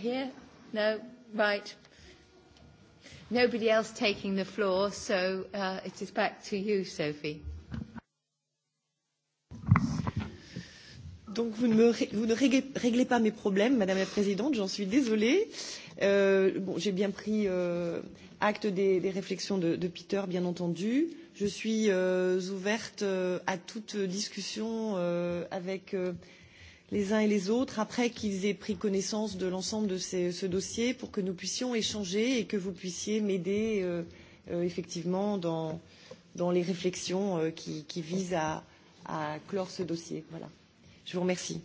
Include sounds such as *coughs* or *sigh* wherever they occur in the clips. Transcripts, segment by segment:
here? No? Right. Nobody else taking the floor, so uh, it is back to you, Sophie. Donc vous ne, me, vous ne réglez, réglez pas mes problèmes, Madame la Présidente, j'en suis désolée. Euh, bon, J'ai bien pris euh, acte des, des réflexions de, de Peter, bien entendu. Je suis euh, ouverte euh, à toute discussion euh, avec euh, les uns et les autres après qu'ils aient pris connaissance de l'ensemble de ces, ce dossier pour que nous puissions échanger et que vous puissiez m'aider euh, euh, effectivement dans, dans les réflexions euh, qui, qui visent à, à clore ce dossier. Voilà. Je vous remercie.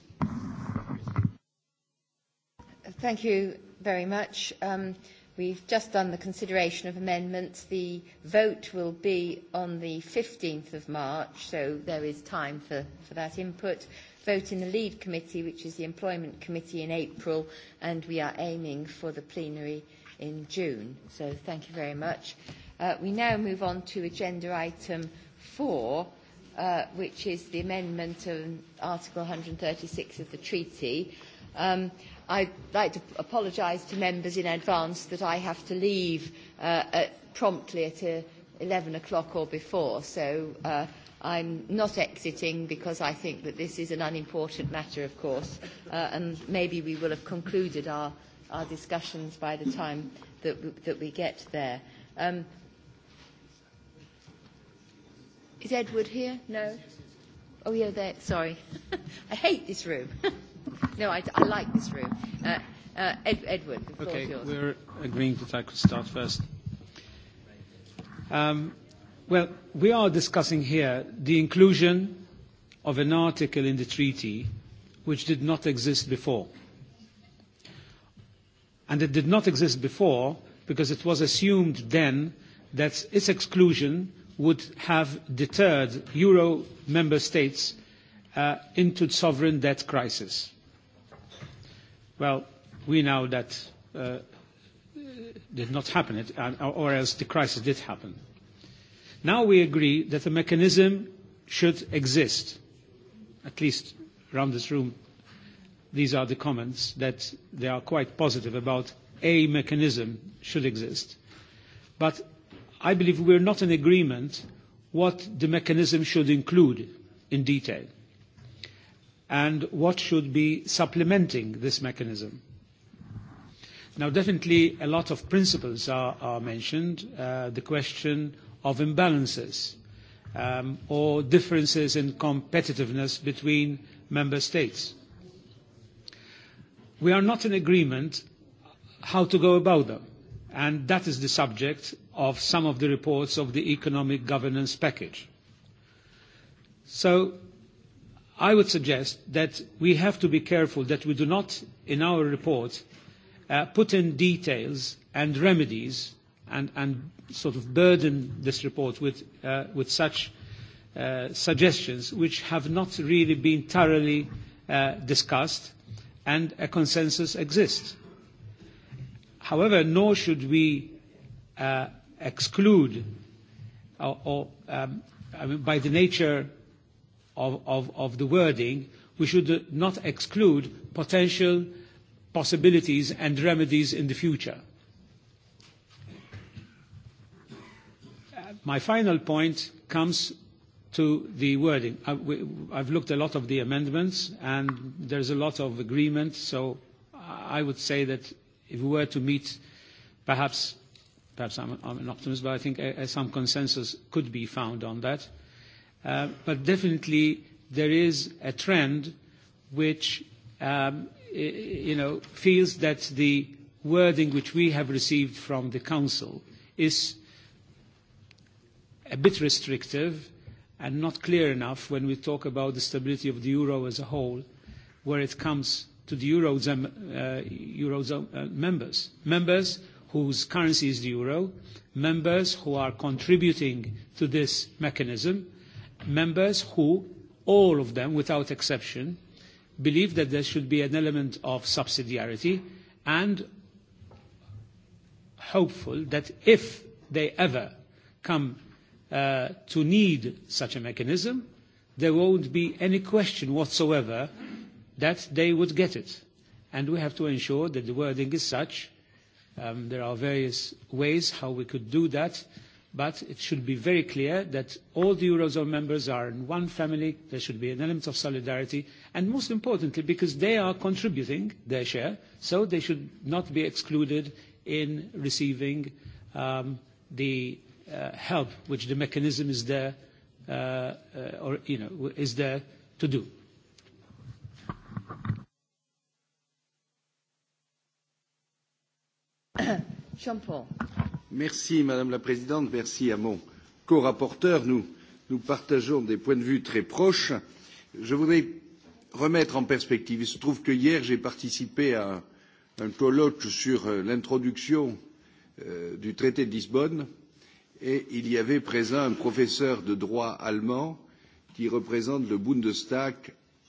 Thank you very much. Um, We've just done the consideration of amendments. The vote will be on the 15th of March, so there is time for, for that input vote in the lead committee, which is the Employment Committee in April, and we are aiming for the plenary in June. So thank you very much. Uh, we now move on to agenda item four, uh, which is the amendment of Article 136 of the treaty. Um, I'd like to apologise to members in advance that I have to leave uh, at, promptly at uh, 11 o'clock or before, so uh, I'm not exiting because I think that this is an unimportant matter, of course, uh, and maybe we will have concluded our, our discussions by the time that, we that we get there. Um, is Edward here? No? Oh, yeah, there. Sorry. *laughs* I hate this room. *laughs* no, I, I like this room. Uh, uh, Ed, Edward, the floor okay, is yours. We're agreeing that I could start first. Um, Well, we are discussing here the inclusion of an article in the treaty which did not exist before. And it did not exist before because it was assumed then that its exclusion would have deterred euro member states uh, into sovereign debt crisis. Well, we know that uh, did not happen, it, uh, or else the crisis did happen. Now we agree that the mechanism should exist, at least around this room. These are the comments that they are quite positive about a mechanism should exist. But I believe we're not in agreement what the mechanism should include in detail and what should be supplementing this mechanism. Now, definitely a lot of principles are, are mentioned. Uh, the question of imbalances um, or differences in competitiveness between member states. We are not in agreement how to go about them, and that is the subject of some of the reports of the economic governance package. So I would suggest that we have to be careful that we do not, in our report, uh, put in details and remedies and, and sort of burden this report with, uh, with such uh, suggestions which have not really been thoroughly uh, discussed and a consensus exists. However, nor should we uh, exclude or, or um, I mean, by the nature of, of, of the wording, we should not exclude potential possibilities and remedies in the future. My final point comes to the wording. I, we, I've looked a lot of the amendments, and there's a lot of agreement, so I would say that if we were to meet, perhaps, perhaps I'm, I'm an optimist, but I think a, a, some consensus could be found on that. Uh, but definitely there is a trend which um, you know, feels that the wording which we have received from the Council is a bit restrictive and not clear enough when we talk about the stability of the euro as a whole, where it comes to the eurozone, uh, eurozone uh, members. Members whose currency is the euro, members who are contributing to this mechanism, members who, all of them without exception, believe that there should be an element of subsidiarity and hopeful that if they ever come uh, to need such a mechanism, there won't be any question whatsoever that they would get it. And we have to ensure that the wording is such. Um, there are various ways how we could do that, but it should be very clear that all the Eurozone members are in one family. There should be an element of solidarity. And most importantly, because they are contributing their share, so they should not be excluded in receiving um, the uh, help which the mechanism is there uh, uh, or you know is there to do. *coughs* Jean-Paul. Merci Madame la Présidente, merci à mon co-rapporteur. Nous, nous partageons des points de vue très proches. Je voudrais remettre en perspective. Il se trouve que hier, j'ai participé à un, un colloque sur euh, l'introduction euh, du traité de Lisbonne euh, et il y avait présent un professeur de droit allemand qui représente le Bundestag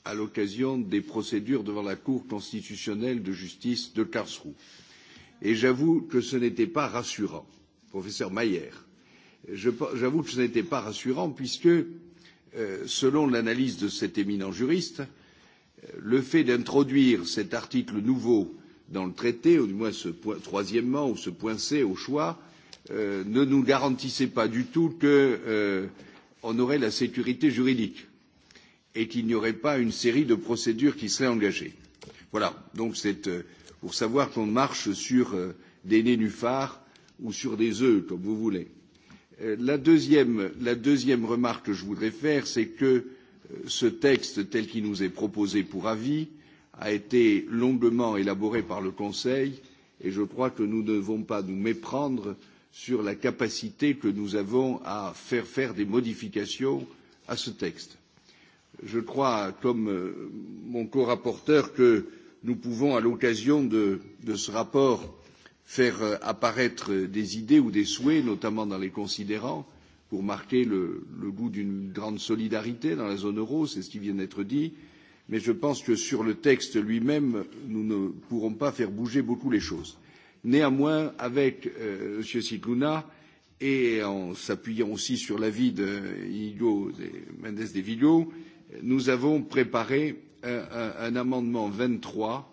à l'occasion des procédures devant la Cour constitutionnelle de justice de Karlsruhe. Et j'avoue que ce n'était pas rassurant, professeur Mayer. J'avoue que ce n'était pas rassurant puisque, euh, selon l'analyse de cet éminent juriste, euh, le fait d'introduire cet article nouveau dans le traité, ou du moins ce point, troisièmement ou ce point C au choix, Euh, ne nous garantissait pas du tout qu'on euh, aurait la sécurité juridique et qu'il n'y aurait pas une série de procédures qui seraient engagées. Voilà, donc c'est euh, pour savoir qu'on marche sur euh, des nénuphars ou sur des œufs, comme vous voulez. Euh, la, deuxième, la deuxième remarque que je voudrais faire, c'est que euh, ce texte tel qu'il nous est proposé pour avis a été longuement élaboré par le Conseil et je crois que nous ne devons pas nous méprendre sur la capacité que nous avons à faire faire des modifications à ce texte. Je crois, comme euh, mon corapporteur, que nous pouvons, à l'occasion de, de ce rapport, faire euh, apparaître des idées ou des souhaits, notamment dans les considérants, pour marquer le, le goût d'une grande solidarité dans la zone euro, c'est ce qui vient d'être dit, mais je pense que sur le texte lui-même, nous ne pourrons pas faire bouger beaucoup les choses. Néanmoins, avec euh, M. Sikluna, et en s'appuyant aussi sur l'avis de Igo de Mendes de Vigo, nous avons préparé un, un amendement 23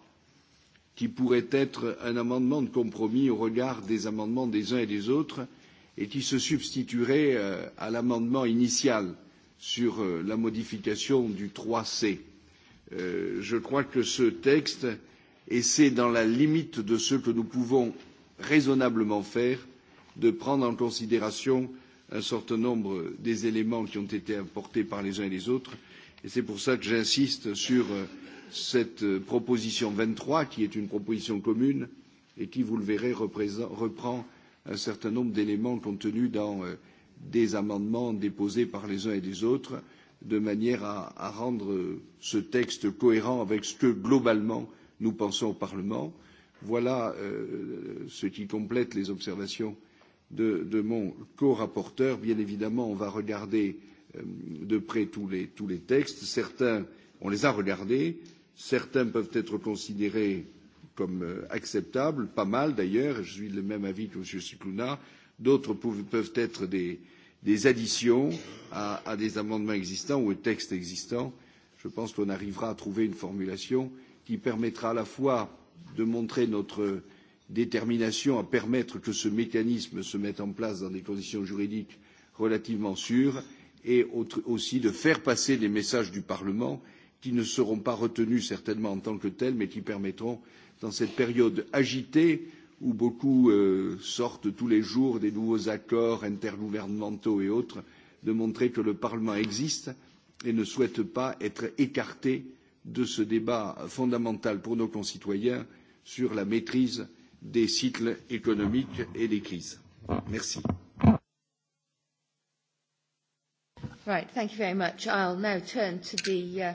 qui pourrait être un amendement de compromis au regard des amendements des uns et des autres et qui se substituerait euh, à l'amendement initial sur euh, la modification du 3C. Euh, je crois que ce texte et c'est dans la limite de ce que nous pouvons raisonnablement faire de prendre en considération un certain nombre des éléments qui ont été apportés par les uns et les autres. Et c'est pour cela que j'insiste sur euh, cette euh, proposition vingt trois, qui est une proposition commune et qui, vous le verrez, reprend un certain nombre d'éléments contenus dans euh, des amendements déposés par les uns et les autres, de manière à, à rendre ce texte cohérent avec ce que, globalement, nous pensons au Parlement. Voilà euh, ce qui complète les observations de, de mon co-rapporteur. Bien évidemment, on va regarder euh, de près tous les, tous les textes. Certains, on les a regardés. Certains peuvent être considérés comme euh, acceptables, pas mal d'ailleurs, je suis le même avis que M. Sikluna. D'autres peuvent être des, des additions à, à des amendements existants ou aux textes existants. Je pense qu'on arrivera à trouver une formulation qui permettra à la fois de montrer notre détermination à permettre que ce mécanisme se mette en place dans des conditions juridiques relativement sûres et aussi de faire passer les messages du Parlement qui ne seront pas retenus certainement en tant que tels, mais qui permettront, dans cette période agitée où beaucoup euh, sortent tous les jours des nouveaux accords intergouvernementaux et autres, de montrer que le Parlement existe et ne souhaite pas être écarté de ce débat fondamental pour nos concitoyens sur la maîtrise des cycles économiques et des crises. Merci. Right, thank you very much. I'll now turn to the, uh,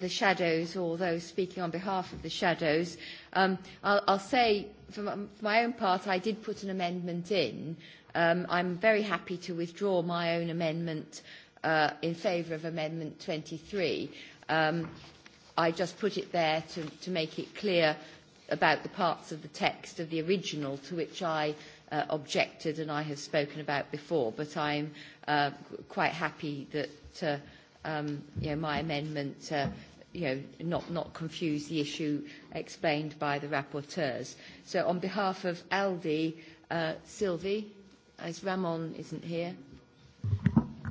the shadows or those speaking on behalf of the shadows. Um, I'll, I'll say, for my, for my own part, I did put an amendment in. Um, I'm very happy to withdraw my own amendment uh, in favour of Amendment 23. Um, I just put it there to, to make it clear about the parts of the text of the original to which I uh, objected and I have spoken about before, but I'm uh, quite happy that uh, um, you know, my amendment uh, you know, not, not confuse the issue explained by the rapporteurs. So on behalf of Aldi, uh, Sylvie, as Ramon isn't here,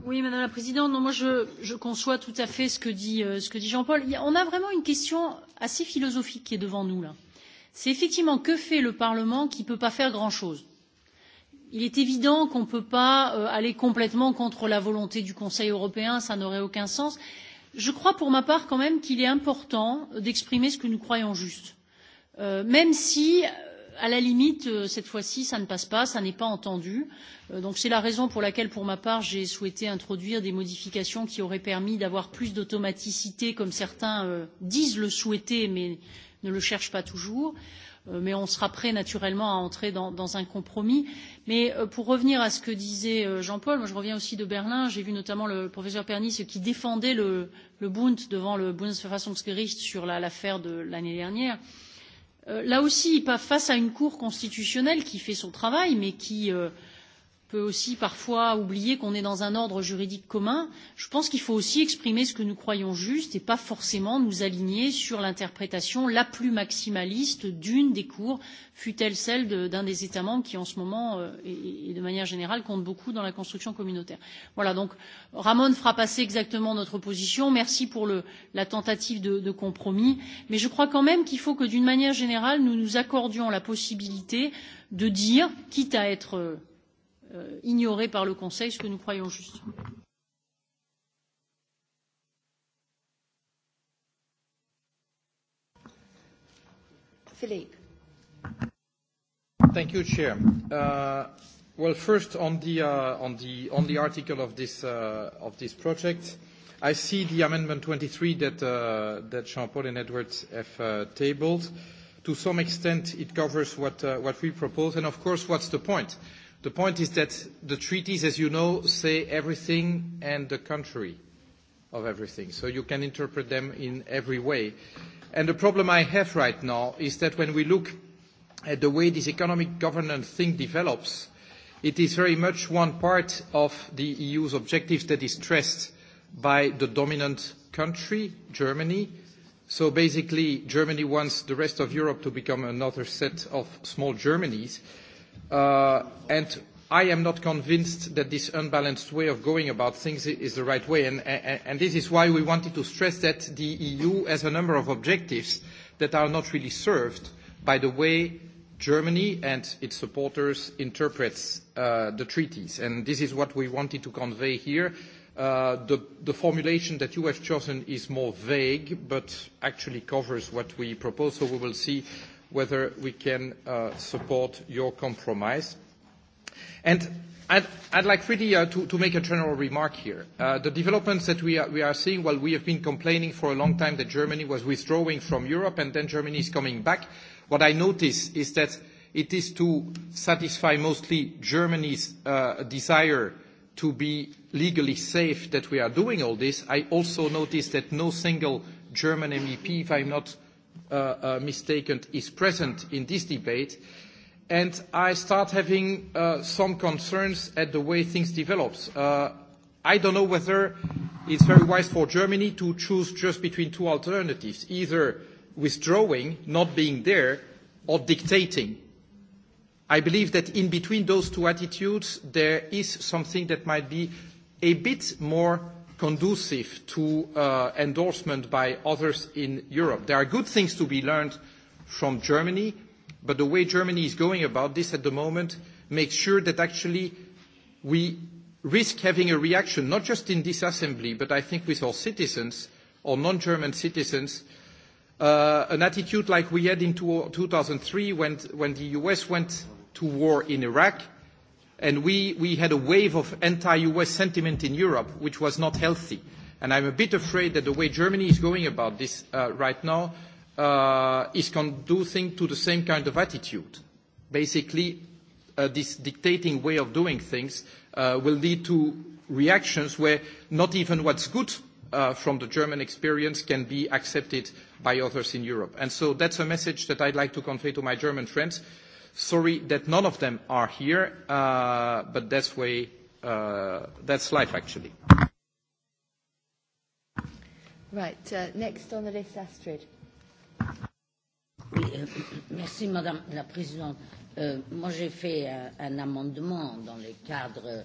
Oui, Madame la Présidente, non, moi je, je conçois tout à fait ce que dit, euh, ce que dit Jean-Paul. On a vraiment une question assez philosophique qui est devant nous là. C'est effectivement que fait le Parlement qui ne peut pas faire grand-chose. Il est évident qu'on ne peut pas euh, aller complètement contre la volonté du Conseil européen, ça n'aurait aucun sens. Je crois pour ma part quand même qu'il est important d'exprimer ce que nous croyons juste. Euh, même si à la limite, euh, cette fois-ci, ça ne passe pas, ça n'est pas entendu. Euh, donc c'est la raison pour laquelle, pour ma part, j'ai souhaité introduire des modifications qui auraient permis d'avoir plus d'automaticité, comme certains euh, disent le souhaiter, mais ne le cherchent pas toujours. mais on sera prêt naturellement à entrer dans, dans un compromis. Mais pour revenir à ce que disait Jean-Paul, moi je reviens aussi de Berlin, j'ai vu notamment le professeur Pernis qui défendait le, le Bund devant le Bundesverfassungsgericht sur l'affaire la, de l'année dernière. Euh, Euh, là aussi, pas face à une Cour constitutionnelle qui fait son travail, mais qui euh, peut aussi parfois oublier qu'on est dans un ordre juridique commun. Je pense qu'il faut aussi exprimer ce que nous croyons juste et pas forcément nous aligner sur l'interprétation la plus maximaliste d'une des cours, fut elle celle d'un de, des États membres qui en ce moment euh, et, et de manière générale compte beaucoup dans la construction communautaire. Voilà, donc Ramon fera passer exactement notre position. Merci pour le, la tentative de, de compromis. Mais je crois quand même qu'il faut que d'une manière générale, nous nous accordions la possibilité de dire, quitte à être euh, euh, ignoré par le Conseil, ce que nous croyons juste. Philippe. Thank you, Chair. Uh, well, first on the, uh, on the, on the article of this, uh, of this project, I see the Amendment 23 that, uh, that Jean-Paul and Edward have uh, tabled. To some extent, it covers what, uh, what we propose, and of course, what's the point? Uh, The point is that the treaties, as you know, say everything and the contrary of everything. So you can interpret them in every way. And the problem I have right now is that when we look at the way this economic governance thing develops, it is very much one part of the EU's objectives that is stressed by the dominant country, Germany. So basically, Germany wants the rest of Europe to become another set of small Germanys. Uh, and I am not convinced that this unbalanced way of going about things is the right way. And, and, and this is why we wanted to stress that the EU has a number of objectives that are not really served by the way Germany and its supporters interprets uh, the treaties. And this is what we wanted to convey here. Uh, the, the formulation that you have chosen is more vague, but actually covers what we propose, so we will see whether we can uh, support your compromise. And I'd, I'd like really uh, to, to make a general remark here. Uh, the developments that we are, we are seeing, well, we have been complaining for a long time that Germany was withdrawing from Europe and then Germany is coming back. What I notice is that it is to satisfy mostly Germany's uh, desire to be legally safe that we are doing all this. I also notice that no single German MEP, if I'm not Uh, uh, mistaken is present in this debate. And I start having uh, some concerns at the way things develop. Uh, I don't know whether it's very wise for Germany to choose just between two alternatives, either withdrawing, not being there, or dictating. I believe that in between those two attitudes, there is something that might be a bit more conducive to uh, endorsement by others in Europe. There are good things to be learned from Germany, but the way Germany is going about this at the moment makes sure that actually we risk having a reaction, not just in this assembly, but I think with our citizens, or non-German citizens, uh, an attitude like we had in two, 2003 when, when the US went to war in Iraq, and we, we had a wave of anti-US sentiment in Europe, which was not healthy. And I'm a bit afraid that the way Germany is going about this uh, right now uh, is conducing to the same kind of attitude. Basically, uh, this dictating way of doing things uh, will lead to reactions where not even what's good uh, from the German experience can be accepted by others in Europe. And so that's a message that I'd like to convey to my German friends Sorry that none of them are here, uh, but that's, way, uh, that's life actually. Right, uh, next on the list, Astrid. Oui, euh, *coughs* merci Madame la Présidente. Euh, moi j'ai fait un, euh, un amendement dans le cadre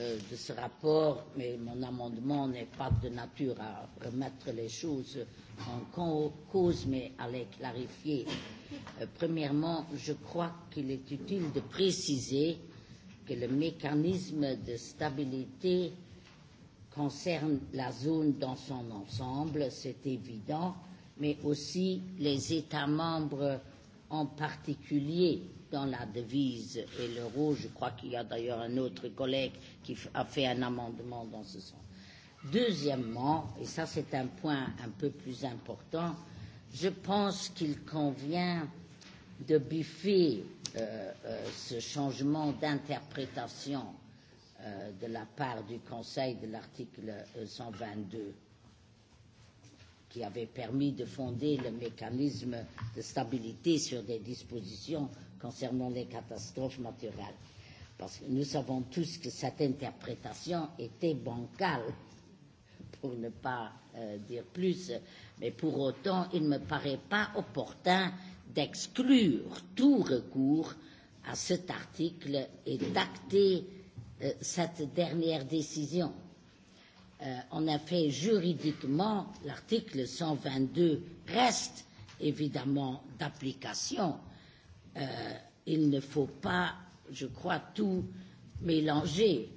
Euh, de ce rapport, mais mon amendement n'est pas de nature à remettre les choses en cause, mais à les clarifier. Euh, premièrement, je crois qu'il est utile de préciser que le mécanisme de stabilité concerne la zone dans son ensemble, c'est évident, mais aussi les États membres en particulier dans la devise et l'euro. Je crois qu'il y a d'ailleurs un autre collègue qui a fait un amendement dans ce sens. Deuxièmement, et ça c'est un point un peu plus important, je pense qu'il convient de biffer euh, euh, ce changement d'interprétation euh, de la part du Conseil de l'article 122 euh, qui avait permis de fonder le mécanisme de stabilité sur des dispositions concernant les catastrophes naturelles. Parce que nous savons tous que cette interprétation était bancale, *laughs* pour ne pas euh, dire plus, mais pour autant, il ne me paraît pas opportun d'exclure tout recours à cet article et d'acter euh, cette dernière décision Euh, en effet, juridiquement, l'article 122 reste évidemment d'application. Euh, il ne faut pas, je crois, tout mélanger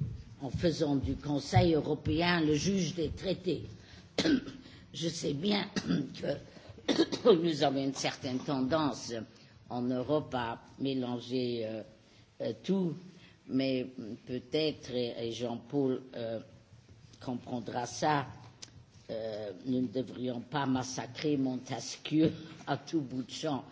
en faisant du Conseil européen le juge des traités. *coughs* je sais bien *coughs* que *coughs* nous avons une certaine tendance en Europe à mélanger euh, euh tout, mais peut-être, et Jean-Paul euh, comprendra ça, euh, nous ne devrions pas massacrer Montesquieu à tout bout de champ.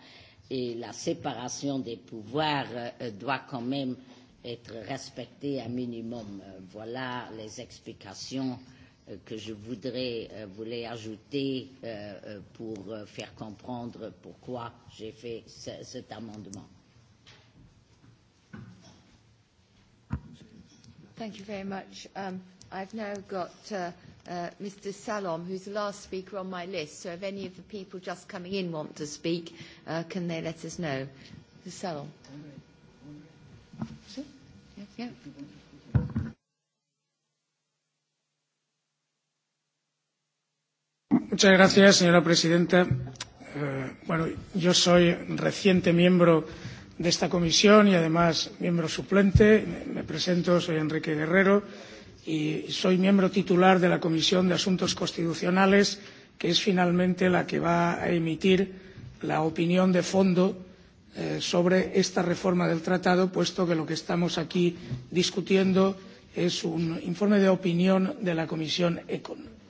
Et la séparation des pouvoirs euh, doit quand même être respectée un minimum. Voilà les explications euh, que je voudrais euh, voulais ajouter euh, euh, pour euh, faire comprendre pourquoi j'ai fait ce, cet amendement. Thank you very much. Um, I've now got uh, uh, Mr. Salom, who's the last speaker on my list, so if any of the people just coming in want to speak, uh, can they let us know? Mr. Salom. Muchas gracias, señora presidenta. Eh, bueno, yo soy reciente miembro de esta comisión y además miembro suplente. Me presento, soy Enrique Guerrero y soy miembro titular de la Comisión de Asuntos Constitucionales, que es finalmente la que va a emitir la opinión de fondo eh, sobre esta reforma del tratado, puesto que lo que estamos aquí discutiendo es un informe de opinión de la Comisión ECON.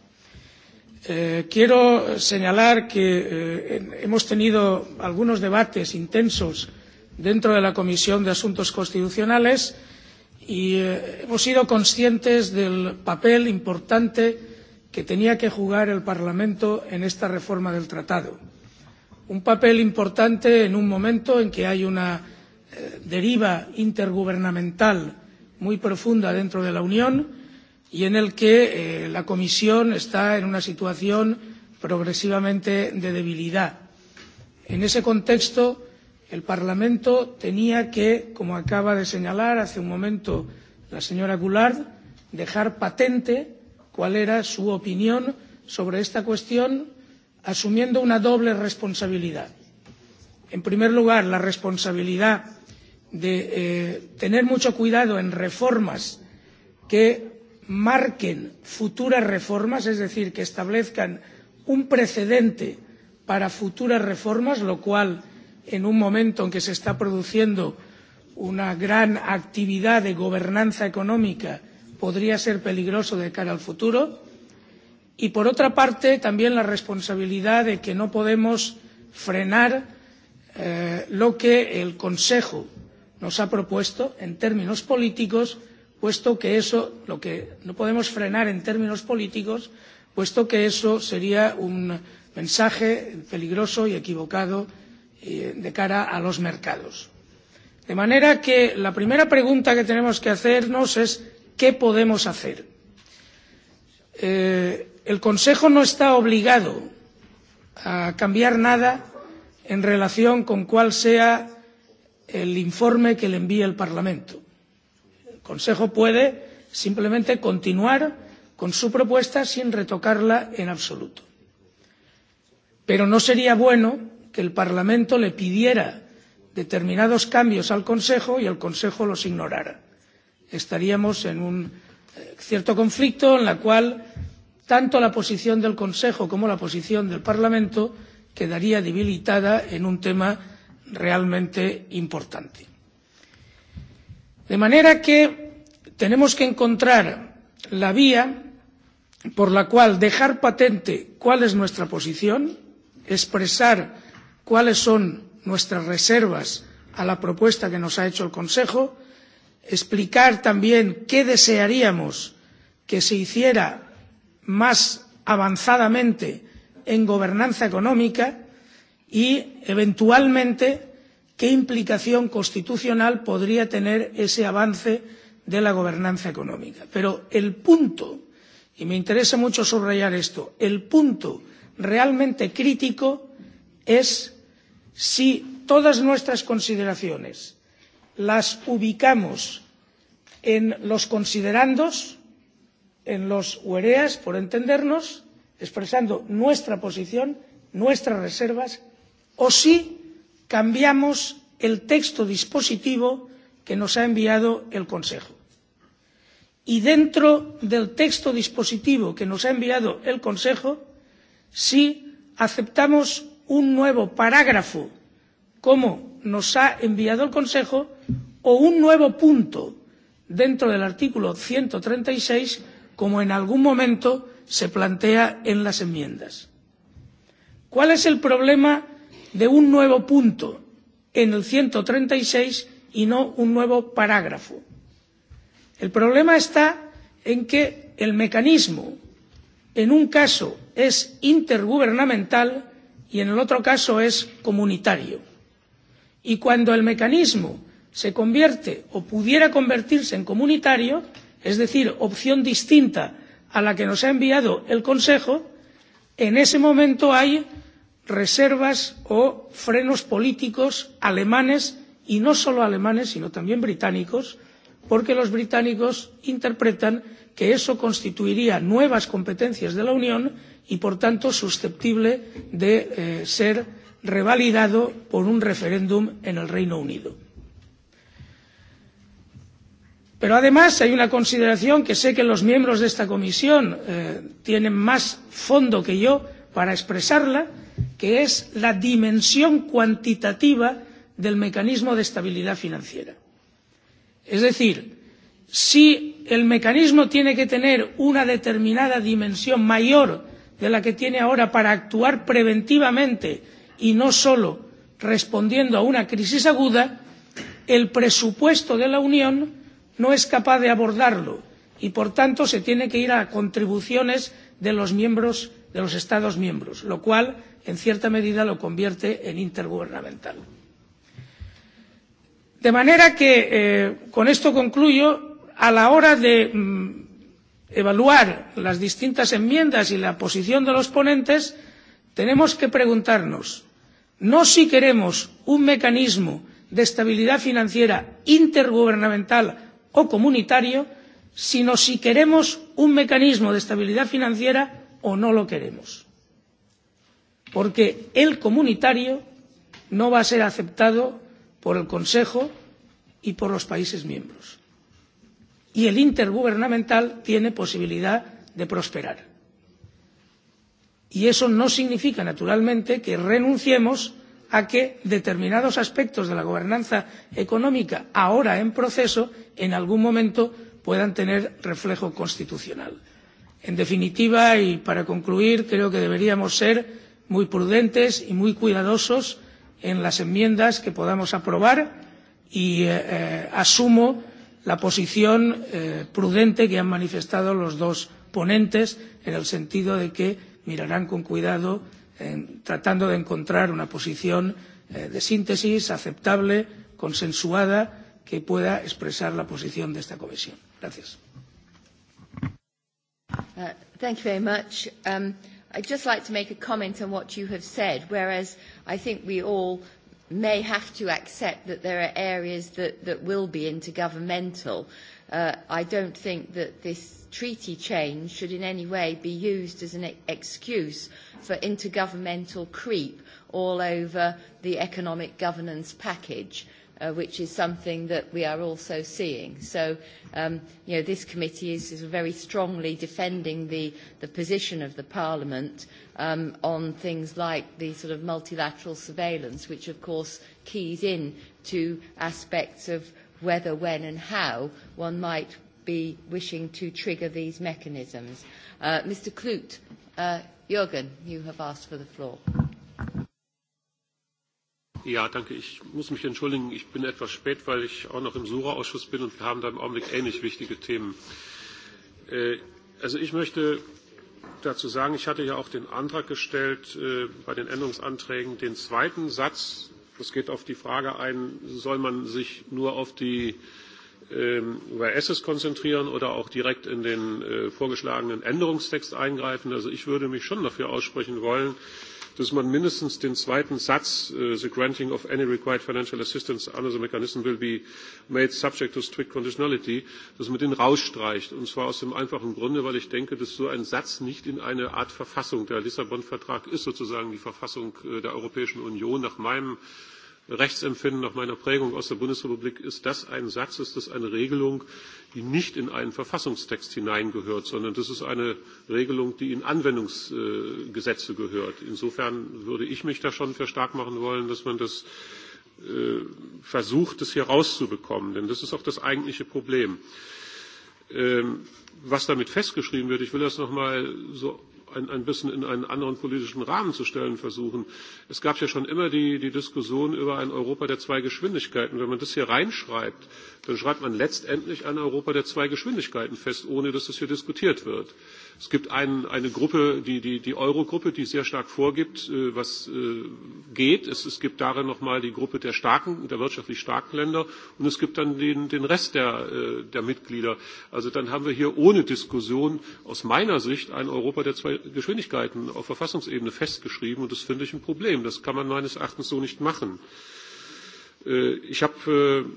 Eh, quiero señalar que eh, hemos tenido algunos debates intensos dentro de la Comisión de Asuntos Constitucionales y eh, hemos sido conscientes del papel importante que tenía que jugar el Parlamento en esta reforma del Tratado. Un papel importante en un momento en que hay una eh, deriva intergubernamental muy profunda dentro de la Unión y en el que eh, la Comisión está en una situación progresivamente de debilidad. En ese contexto, El Parlamento tenía que, como acaba de señalar hace un momento la señora Goulard, dejar patente cuál era su opinión sobre esta cuestión, asumiendo una doble responsabilidad. En primer lugar, la responsabilidad de eh, tener mucho cuidado en reformas que marquen futuras reformas, es decir, que establezcan un precedente para futuras reformas, lo cual en un momento en que se está produciendo una gran actividad de gobernanza económica podría ser peligroso de cara al futuro y por otra parte también la responsabilidad de que no podemos frenar eh, lo que el Consejo nos ha propuesto en términos políticos puesto que eso lo que no podemos frenar en términos políticos puesto que eso sería un mensaje peligroso y equivocado de cara a los mercados. De manera que la primera pregunta que tenemos que hacernos es ¿qué podemos hacer? Eh, el Consejo no está obligado a cambiar nada en relación con cuál sea el informe que le envíe el Parlamento. El Consejo puede simplemente continuar con su propuesta sin retocarla en absoluto. Pero no sería bueno que el Parlamento le pidiera determinados cambios al Consejo y el Consejo los ignorara. Estaríamos en un eh, cierto conflicto en el cual tanto la posición del Consejo como la posición del Parlamento quedaría debilitada en un tema realmente importante. De manera que tenemos que encontrar la vía por la cual dejar patente cuál es nuestra posición, expresar cuáles son nuestras reservas a la propuesta que nos ha hecho el Consejo, explicar también qué desearíamos que se hiciera más avanzadamente en gobernanza económica y, eventualmente, qué implicación constitucional podría tener ese avance de la gobernanza económica. Pero el punto, y me interesa mucho subrayar esto, el punto realmente crítico es si todas nuestras consideraciones las ubicamos en los considerandos, en los huereas, por entendernos, expresando nuestra posición, nuestras reservas, o si cambiamos el texto dispositivo que nos ha enviado el Consejo. Y dentro del texto dispositivo que nos ha enviado el Consejo, si aceptamos un nuevo parágrafo, como nos ha enviado el Consejo, o un nuevo punto dentro del artículo 136, como en algún momento se plantea en las enmiendas. ¿Cuál es el problema de un nuevo punto en el 136 y no un nuevo parágrafo? El problema está en que el mecanismo, en un caso, es intergubernamental y en el otro caso es comunitario. Y cuando el mecanismo se convierte o pudiera convertirse en comunitario, es decir, opción distinta a la que nos ha enviado el Consejo, en ese momento hay reservas o frenos políticos alemanes y no solo alemanes, sino también británicos, porque los británicos interpretan que eso constituiría nuevas competencias de la Unión y, por tanto, susceptible de eh, ser revalidado por un referéndum en el Reino Unido. Pero además hay una consideración que sé que los miembros de esta comisión eh, tienen más fondo que yo para expresarla, que es la dimensión cuantitativa del mecanismo de estabilidad financiera. Es decir, si el mecanismo tiene que tener una determinada dimensión mayor de la que tiene ahora para actuar preventivamente y no solo respondiendo a una crisis aguda, el presupuesto de la Unión no es capaz de abordarlo y, por tanto, se tiene que ir a contribuciones de los miembros de los Estados miembros, lo cual, en cierta medida, lo convierte en intergubernamental. De manera que, eh, con esto concluyo, a la hora de mm, evaluar las distintas enmiendas y la posición de los ponentes, tenemos que preguntarnos no si queremos un mecanismo de estabilidad financiera intergubernamental o comunitario, sino si queremos un mecanismo de estabilidad financiera o no lo queremos. Porque el comunitario no va a ser aceptado por el Consejo y por los países miembros y el intergubernamental tiene posibilidad de prosperar. Y eso no significa, naturalmente, que renunciemos a que determinados aspectos de la gobernanza económica, ahora en proceso, en algún momento puedan tener reflejo constitucional. En definitiva, y para concluir, creo que deberíamos ser muy prudentes y muy cuidadosos en las enmiendas que podamos aprobar y eh, eh asumo la posición eh, prudente que han manifestado los dos ponentes en el sentido de que mirarán con cuidado tratando de encontrar una posición eh, de síntesis aceptable, consensuada, que pueda expresar la posición de esta comisión. Gracias. Uh, thank you very much. Um, I'd just like to make a comment on what you have said, whereas I think we all may have to accept that there are areas that, that will be intergovernmental. Uh, I don't think that this treaty change should in any way be used as an e-, excuse for intergovernmental creep all over the economic governance package. Uh, which is something that we are also seeing. So, um, you know, this committee is, is very strongly defending the, the position of the Parliament um, on things like the sort of multilateral surveillance, which of course keys in to aspects of whether, when and how one might be wishing to trigger these mechanisms. Uh, Mr. Klute, uh, Jürgen, you have asked for the floor. Ja, danke. Ich muss mich entschuldigen, ich bin etwas spät, weil ich auch noch im Sura-Ausschuss bin und wir haben da im Augenblick ähnlich wichtige Themen. Äh, also ich möchte dazu sagen, ich hatte ja auch den Antrag gestellt, äh, bei den Änderungsanträgen den zweiten Satz, das geht auf die Frage ein, soll man sich nur auf die ähm, URSs konzentrieren oder auch direkt in den äh, vorgeschlagenen Änderungstext eingreifen. Also ich würde mich schon dafür aussprechen wollen, äh, dass man mindestens den zweiten Satz, uh, the granting of any required financial assistance under the mechanism will be made subject to strict conditionality, dass man den rausstreicht. Und zwar aus dem einfachen Grunde, weil ich denke, dass so ein Satz nicht in eine Art Verfassung, der Lissabon-Vertrag ist sozusagen die Verfassung äh, der Europäischen Union nach meinem Rechtsempfinden nach meiner Prägung aus der Bundesrepublik ist das ein Satz, ist das eine Regelung, die nicht in einen Verfassungstext hineingehört, sondern das ist eine Regelung, die in Anwendungsgesetze gehört. Insofern würde ich mich da schon für stark machen wollen, dass man das äh, versucht, das hier rauszubekommen, denn das ist auch das eigentliche Problem. Ähm, was damit festgeschrieben wird, ich will das mal so ein, ein bisschen in einen anderen politischen Rahmen zu stellen versuchen. Es gab ja schon immer die, die Diskussion über ein Europa der zwei Geschwindigkeiten. Wenn man das hier reinschreibt, dann schreibt man letztendlich ein Europa der zwei Geschwindigkeiten fest, ohne dass das hier diskutiert wird. Es gibt ein, eine Gruppe, die, die, die Euro-Gruppe, die sehr stark vorgibt, äh, was äh, geht. Es, es gibt darin nochmal die Gruppe der starken, der wirtschaftlich starken Länder und es gibt dann den, den Rest der, äh, der Mitglieder. Also dann haben wir hier ohne Diskussion aus meiner Sicht ein Europa der zwei Geschwindigkeiten auf Verfassungsebene festgeschrieben und das finde ich ein Problem. Das kann man meines Erachtens so nicht machen. Äh, ich habe äh,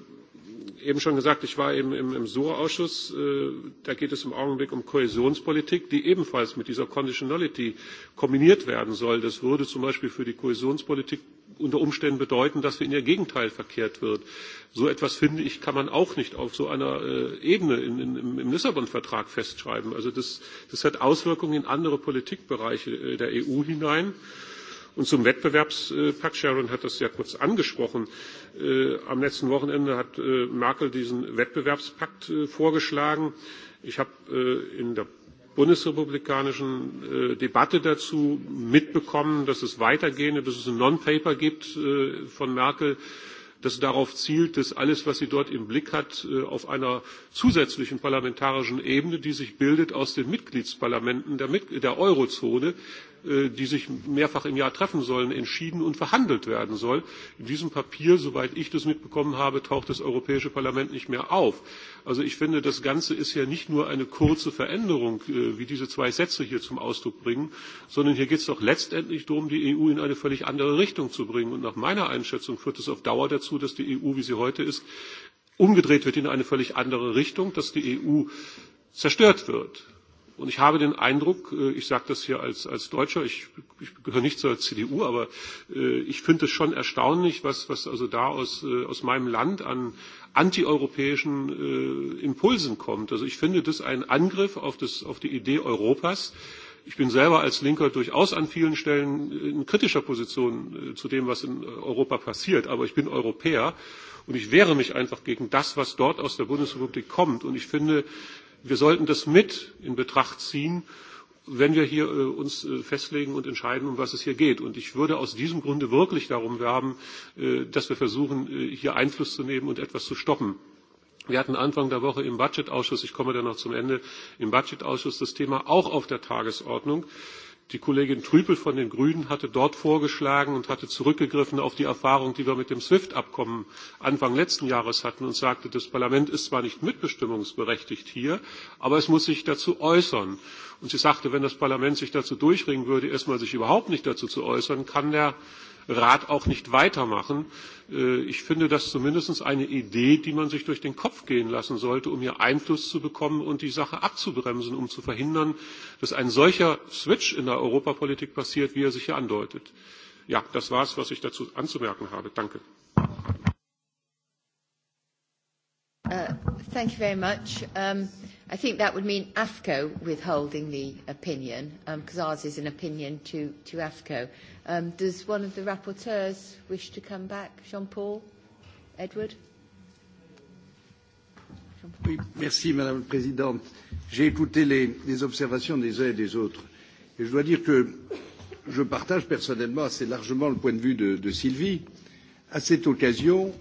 eben schon gesagt, ich war eben im, im SUR-Ausschuss. Äh, da geht es im Augenblick um Kohäsionspolitik, die ebenfalls mit dieser Conditionality kombiniert werden soll. Das würde zum Beispiel für die Kohäsionspolitik unter Umständen bedeuten, dass wir in ihr Gegenteil verkehrt wird. So etwas, finde ich, kann man auch nicht auf so einer äh, Ebene in, in, im Lissabon-Vertrag festschreiben. Also das, das hat Auswirkungen in andere Politikbereiche äh, der EU hinein. Äh, Und zum Wettbewerbspakt, äh, Sharon hat das ja kurz angesprochen, äh, am letzten Wochenende hat äh, Merkel diesen Wettbewerbspakt vorgeschlagen. Ich habe in der bundesrepublikanischen Debatte dazu mitbekommen, dass es weitergehende, dass es ein Non-Paper gibt von Merkel, das darauf zielt, dass alles, was sie dort im Blick hat, auf einer zusätzlichen parlamentarischen Ebene, die sich bildet aus den Mitgliedsparlamenten der Eurozone, Äh, die sich mehrfach im Jahr treffen sollen, entschieden und verhandelt werden soll. In diesem Papier, soweit ich das mitbekommen habe, taucht das Europäische Parlament nicht mehr auf. Also ich finde, das Ganze ist ja nicht nur eine kurze Veränderung, äh, wie diese zwei Sätze hier zum Ausdruck bringen, sondern hier geht es doch letztendlich darum, die EU in eine völlig andere Richtung zu bringen. Und nach meiner Einschätzung führt es auf Dauer dazu, dass die EU, wie sie heute ist, umgedreht wird in eine völlig andere Richtung, dass die EU zerstört wird Und ich habe den Eindruck, äh, ich sage das hier als, als Deutscher, ich, ich gehöre nicht zur CDU, aber äh, ich finde es schon erstaunlich, was, was also da aus, äh, aus meinem Land an antieuropäischen Impulsen kommt. Also ich finde das ein Angriff auf, das, auf die Idee Europas, Ich bin selber als Linker durchaus an vielen Stellen in kritischer Position zu dem, was in Europa passiert, aber ich bin Europäer und ich wehre mich einfach gegen das, was dort aus der Bundesrepublik kommt. Und ich finde, wir sollten das mit in Betracht ziehen, wenn wir hier äh, uns hier äh, festlegen und entscheiden, um was es hier geht. Und ich würde aus diesem Grunde wirklich darum werben, äh, dass wir versuchen, äh, hier Einfluss zu nehmen und etwas zu stoppen. Wir hatten Anfang der Woche im Budgetausschuss, ich komme dann noch zum Ende, im Budgetausschuss das Thema auch auf der Tagesordnung. Äh, Die Kollegin Trüpel von den Grünen hatte dort vorgeschlagen und hatte zurückgegriffen auf die Erfahrung, die wir mit dem SWIFT-Abkommen Anfang letzten Jahres hatten und sagte, das Parlament ist zwar nicht mitbestimmungsberechtigt hier, aber es muss sich dazu äußern. Und sie sagte, wenn das Parlament sich dazu durchringen würde, erstmal sich überhaupt nicht dazu zu äußern, kann der Rat auch nicht weitermachen. Äh, ich finde das zumindest eine Idee, die man sich durch den Kopf gehen lassen sollte, um hier Einfluss zu bekommen und die Sache abzubremsen, um zu verhindern, dass ein solcher Switch in der Europapolitik passiert, wie er sich hier andeutet. Ja, das war es, was ich dazu anzumerken habe. Danke. Uh, thank you very much. Um, I think that would mean AFCO withholding the opinion, because um, ours is an opinion to, to AFCO. Um, does one of the rapporteurs wish to come back? Jean-Paul? Edward? Jean -Paul. Oui, merci Madame la Présidente. J'ai écouté les, les observations des uns et des autres. Et je dois dire que je partage personnellement assez largement le point de vue de, de Sylvie. À cette occasion,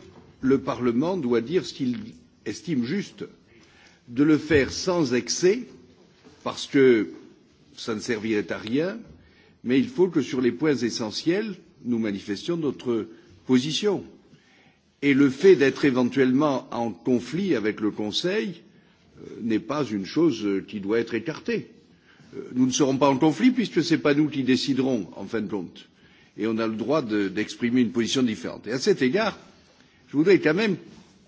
le Parlement doit dire ce qu'il estime juste de le faire sans excès, parce que ça ne servirait à rien, mais il faut que sur les points essentiels, nous manifestions notre position. Et le fait d'être éventuellement en conflit avec le Conseil euh, n'est pas une chose qui doit être écartée. Euh, nous ne serons pas en conflit puisque ce n'est pas nous qui déciderons, en fin de compte. Et on a le droit d'exprimer de, une position différente. Et à cet égard, je voudrais quand même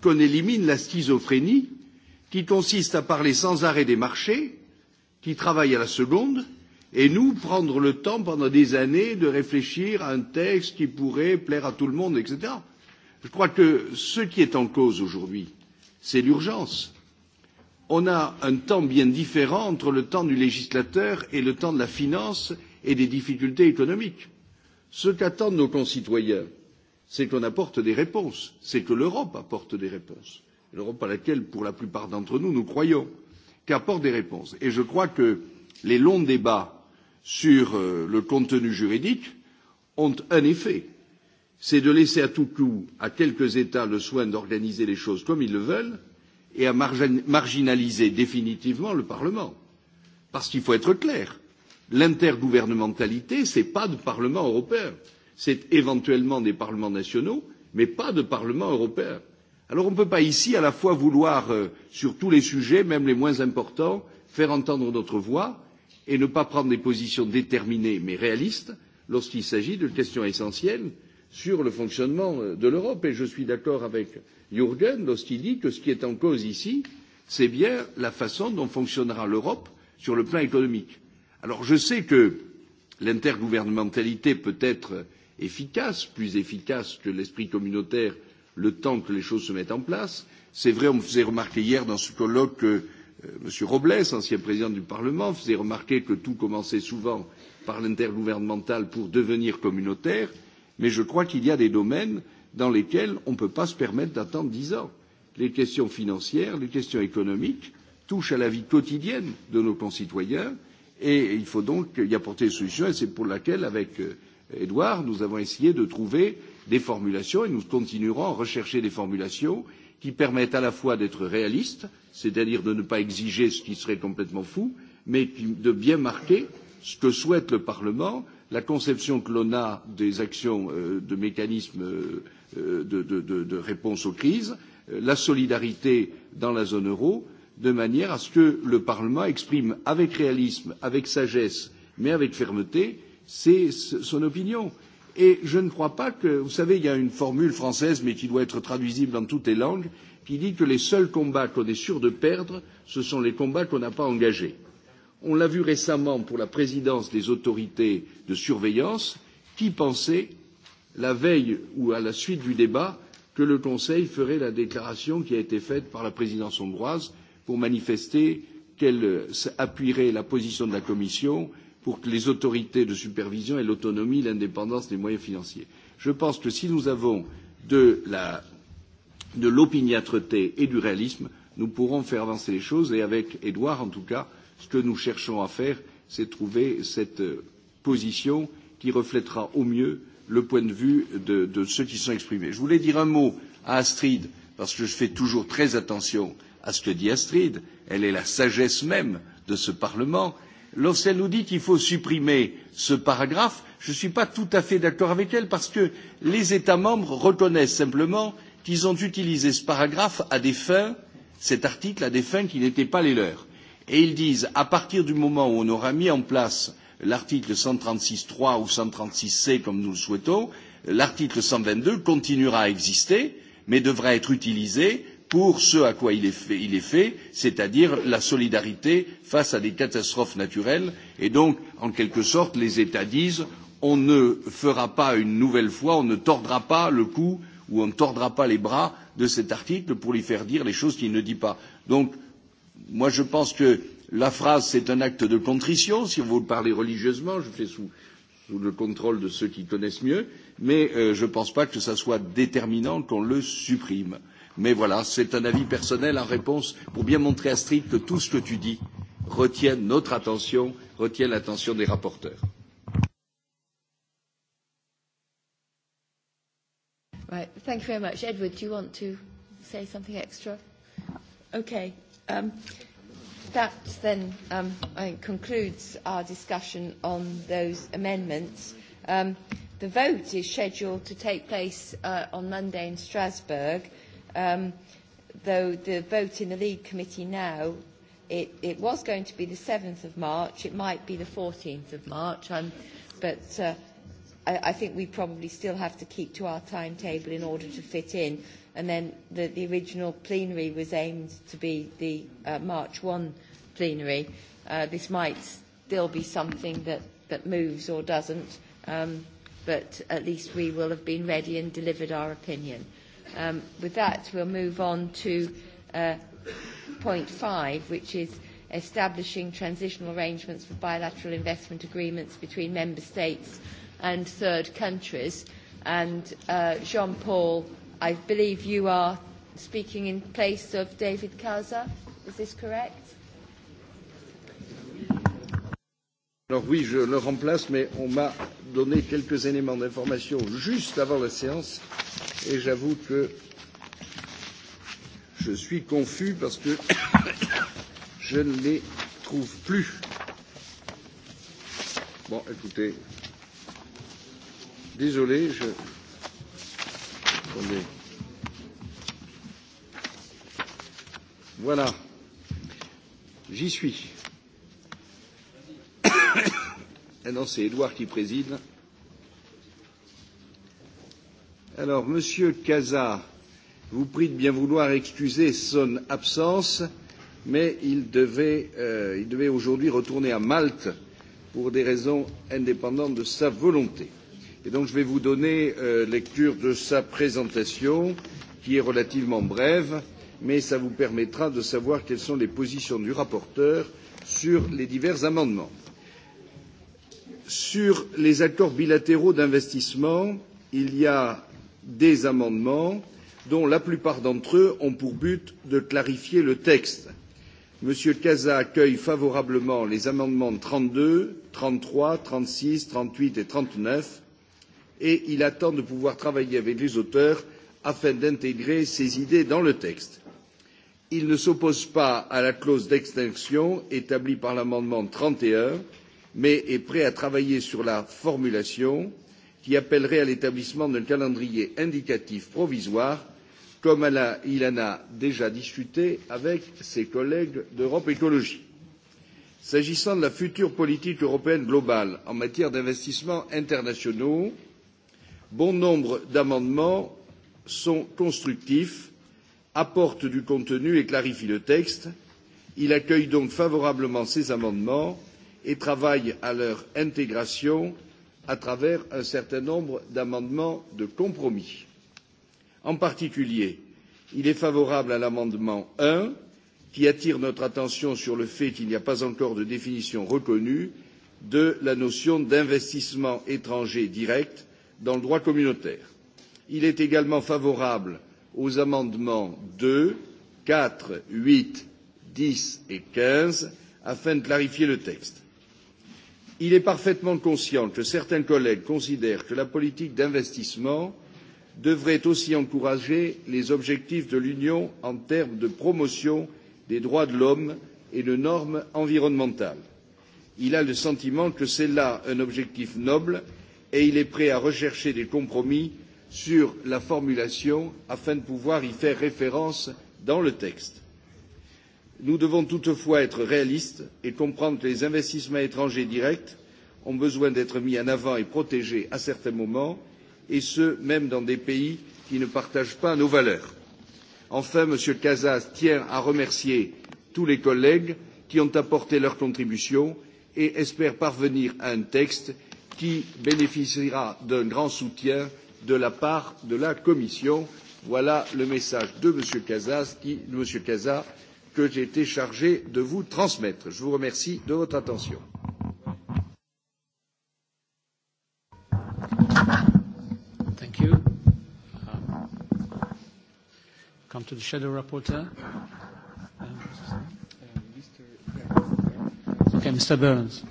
qu'on élimine la schizophrénie qui consiste à parler sans arrêt des marchés, qui travaillent à la seconde, et nous prendre le temps pendant des années de réfléchir à un texte qui pourrait plaire à tout le monde, etc. Je crois que ce qui est en cause aujourd'hui, c'est l'urgence. On a un temps bien différent entre le temps du législateur et le temps de la finance et des difficultés économiques. Ce qu'attendent nos concitoyens, c'est qu'on apporte des réponses, c'est que l'Europe apporte des réponses l'Europe à laquelle, pour la plupart d'entre nous, nous croyons, apporte des réponses. Et je crois que les longs débats sur euh, le contenu juridique ont un effet. C'est de laisser à tout coup à quelques États le soin d'organiser les choses comme ils le veulent et à marginaliser définitivement le Parlement. Parce qu'il faut être clair, l'intergouvernementalité, ce n'est pas de Parlement européen, c'est éventuellement des parlements nationaux, mais pas de Parlement européen. Alors on ne peut pas ici à la fois vouloir, euh, sur tous les sujets, même les moins importants, faire entendre notre voix et ne pas prendre des positions déterminées mais réalistes lorsqu'il s'agit de questions essentielles sur le fonctionnement euh, de l'Europe. Et je suis d'accord avec Jürgen lorsqu'il dit que ce qui est en cause ici, c'est bien la façon dont fonctionnera l'Europe sur le plan économique. Alors je sais que l'intergouvernementalité peut être efficace, plus efficace que l'esprit communautaire le temps que les choses se mettent en place. C'est vrai, on me faisait remarquer hier dans ce colloque que euh, M. Robles, ancien président du Parlement, faisait remarquer que tout commençait souvent par l'intergouvernemental pour devenir communautaire, mais je crois qu'il y a des domaines dans lesquels on ne peut pas se permettre d'attendre dix ans. Les questions financières, les questions économiques touchent à la vie quotidienne de nos concitoyens et il faut donc y apporter des solutions et c'est pour laquelle, avec Edouard, euh, nous avons essayé de trouver des formulations et nous continuerons à rechercher des formulations qui permettent à la fois d'être réalistes, c'est-à-dire de ne pas exiger ce qui serait complètement fou, mais de bien marquer ce que souhaite le Parlement, la conception que l'on a des actions euh, de mécanismes euh, euh, de, de, de, de réponse aux crises, la solidarité dans la zone euro, de manière à ce que le Parlement exprime avec réalisme, avec sagesse, mais avec fermeté, c'est son opinion. Et je ne crois pas que, vous savez, il y a une formule française, mais qui doit être traduisible dans toutes les langues, qui dit que les seuls combats qu'on est sûr de perdre, ce sont les combats qu'on n'a pas engagés. On l'a vu récemment pour la présidence des autorités de surveillance, qui pensait, la veille ou à la suite du débat, que le Conseil ferait la déclaration qui a été faite par la présidence hongroise pour manifester qu'elle appuierait la position de la Commission pour que les autorités de supervision aient l'autonomie et l'indépendance des moyens financiers. Je pense que si nous avons de l'opiniâtreté et du réalisme, nous pourrons faire avancer les choses et avec Edouard, en tout cas, ce que nous cherchons à faire, c'est trouver cette euh, position qui reflètera au mieux le point de vue de, de ceux qui sont exprimés. Je voulais dire un mot à Astrid, parce que je fais toujours très attention à ce que dit Astrid. Elle est la sagesse même de ce Parlement lorsqu'elle nous dit qu'il faut supprimer ce paragraphe, je ne suis pas tout à fait d'accord avec elle parce que les États membres reconnaissent simplement qu'ils ont utilisé ce paragraphe à des fins, cet article à des fins qui n'étaient pas les leurs. Et ils disent, à partir du moment où on aura mis en place l'article cent trente six trois ou cent trente six c comme nous le souhaitons, l'article cent vingt deux continuera à exister, mais devra être utilisé pour ce à quoi il est fait, il est fait c'est-à-dire la solidarité face à des catastrophes naturelles. Et donc, en quelque sorte, les États disent on ne fera pas une nouvelle fois, on ne tordra pas le cou ou on ne tordra pas les bras de cet article pour lui faire dire les choses qu'il ne dit pas. Donc, moi je pense que la phrase c'est un acte de contrition, si vous parlez religieusement, je fais sous, sous le contrôle de ceux qui connaissent mieux, mais euh, je ne pense pas que ce soit déterminant qu'on le supprime. Mais voilà, c'est un avis personnel en réponse pour bien montrer à Astrid que tout ce que tu dis retient notre attention, retient l'attention des rapporteurs. Right, thank you very much. Edward, do you want to say something extra? Okay. Um, that then um, I concludes our discussion on those amendments. Um, the vote is scheduled to take place uh, on Monday in Strasbourg um, though the vote in the lead committee now, it, it was going to be the 7th of March, it might be the 14th of March, I'm, um, but uh, I, I think we probably still have to keep to our timetable in order to fit in. And then the, the original plenary was aimed to be the uh, March 1 plenary. Uh, this might still be something that, that moves or doesn't, um, but at least we will have been ready and delivered our opinion. Um, with that, we'll move on to uh, point five, which is establishing transitional arrangements for bilateral investment agreements between member states and third countries. And uh, Jean-Paul, I believe you are speaking in place of David Kaza. Is this correct? Alors oui, je le remplace, mais on m'a donné quelques éléments d'information juste avant la séance et j'avoue que je suis confus parce que *coughs* je ne les trouve plus. Bon, écoutez, désolé, je. Attendez. Voilà, j'y suis. Ah non, c'est Edouard qui préside. Alors, Monsieur Casa, vous prie de bien vouloir excuser son absence, mais il devait, euh, devait aujourd'hui retourner à Malte pour des raisons indépendantes de sa volonté. Et donc, je vais vous donner euh, lecture de sa présentation, qui est relativement brève, mais ça vous permettra de savoir quelles sont les positions du rapporteur sur les divers amendements. Sur les accords bilatéraux d'investissement, il y a des amendements dont la plupart d'entre eux ont pour but de clarifier le texte. M. Casa accueille favorablement les amendements trente deux, trente trois, trente six, trente huit et trente neuf, et il attend de pouvoir travailler avec les auteurs afin d'intégrer ces idées dans le texte. Il ne s'oppose pas à la clause d'extinction établie par l'amendement trente et un mais est prêt à travailler sur la formulation qui appellerait à l'établissement d'un calendrier indicatif provisoire, comme a, il en a déjà discuté avec ses collègues d'Europe Écologie. S'agissant de la future politique européenne globale en matière d'investissements internationaux, bon nombre d'amendements sont constructifs, apportent du contenu et clarifient le texte. Il accueille donc favorablement ces amendements et travaille à leur intégration à travers un certain nombre d'amendements de compromis. En particulier, il est favorable à l'amendement 1 qui attire notre attention sur le fait qu'il n'y a pas encore de définition reconnue de la notion d'investissement étranger direct dans le droit communautaire. Il est également favorable aux amendements deux, quatre, huit, dix et quinze afin de clarifier le texte. Il est parfaitement conscient que certains collègues considèrent que la politique d'investissement devrait aussi encourager les objectifs de l'Union en termes de promotion des droits de l'homme et de normes environnementales. Il a le sentiment que c'est là un objectif noble et il est prêt à rechercher des compromis sur la formulation afin de pouvoir y faire référence dans le texte. Nous devons toutefois être réalistes et comprendre que les investissements étrangers directs ont besoin d'être mis en avant et protégés à certains moments, et ce, même dans des pays qui ne partagent pas nos valeurs. Enfin, M. Casas tient à remercier tous les collègues qui ont apporté leur contribution et espère parvenir à un texte qui bénéficiera d'un grand soutien de la part de la Commission. Voilà le message de M. Casas qui, monsieur Casas, que j'ai été chargé de vous transmettre. Je vous remercie de votre attention. Thank you. Uh, come to the shadow rapporteur. Um, okay, Mr. Burns.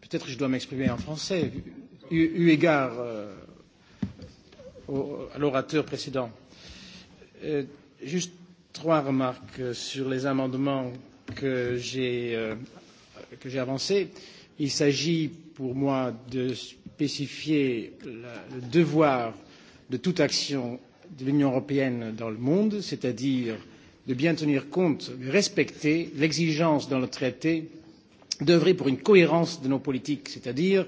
Peut-être que je dois m'exprimer en français, eu, eu égard euh, à l'orateur précédent. Euh, juste trois remarques sur les amendements que j'ai euh, avancés. Il s'agit pour moi de spécifier la, le devoir de toute action de l'Union européenne dans le monde, c'est-à-dire de bien tenir compte, de respecter l'exigence dans le traité d'œuvrer pour une cohérence de nos politiques, c'est-à-dire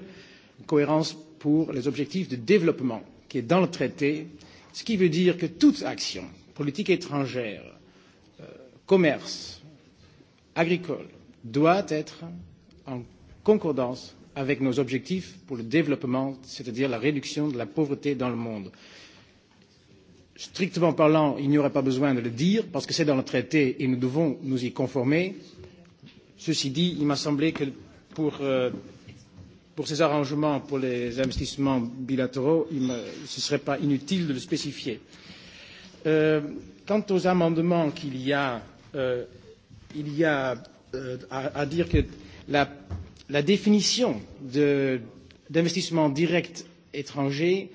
une cohérence pour les objectifs de développement qui est dans le traité, ce qui veut dire que toute action, politique étrangère, euh, commerce, agricole, doit être en concordance avec nos objectifs pour le développement, c'est-à-dire la réduction de la pauvreté dans le monde. Strictement parlant, il n'y aurait pas besoin de le dire parce que c'est dans le traité et nous devons nous y conformer. Ceci dit, il m'a semblé que pour euh, pour ces arrangements pour les investissements bilatéraux, il me, ce ne serait pas inutile de le spécifier. Euh, quant aux amendements qu'il y a, euh, il y a euh, à, à dire que la, la définition d'investissement direct étranger,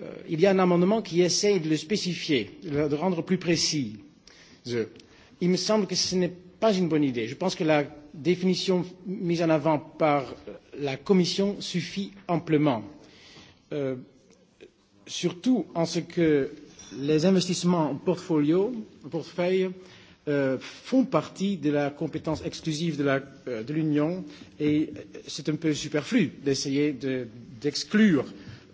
euh, il y a un amendement qui essaye de le spécifier, de le rendre plus précis. Il me semble que ce n'est pas une bonne idée. Je pense que la définition mise en avant par la Commission suffit amplement, euh, surtout en ce que les investissements en portfolio, portefeuille euh, font partie de la compétence exclusive de euh, l'Union euh, et c'est un peu superflu d'essayer d'exclure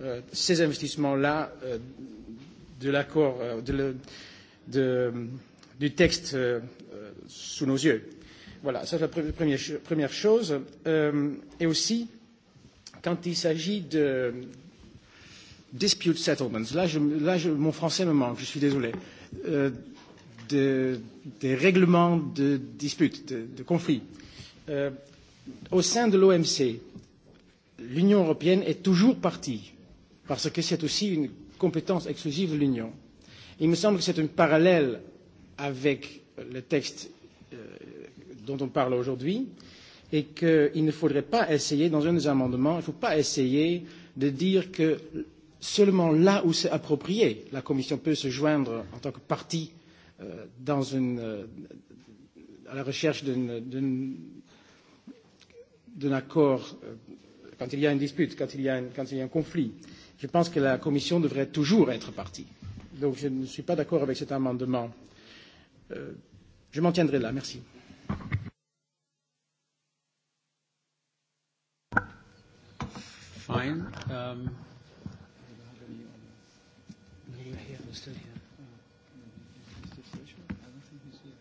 euh, ces investissements-là euh, de l'accord, de, de, du texte sous nos yeux. Voilà, ça c'est la première, première chose. Euh, et aussi, quand il s'agit de dispute settlements, là, je, là je, mon français me manque, je suis désolé, euh, de, des règlements de disputes, de, de conflits. Euh, au sein de l'OMC, l'Union européenne est toujours partie, parce que c'est aussi une compétence exclusive de l'Union. Il me semble que c'est un parallèle avec le texte dont on parle aujourd'hui et qu'il ne faudrait pas essayer, dans un des amendements, il ne faut pas essayer de dire que seulement là où c'est approprié, la Commission peut se joindre en tant que partie euh, dans une, euh, à la recherche d'un accord euh, quand il y a une dispute, quand il y a, un, quand il y a un conflit. Je pense que la Commission devrait toujours être partie. Donc je ne suis pas d'accord avec cet amendement. Euh, je m'en tiendrai là. Merci. fine. Um,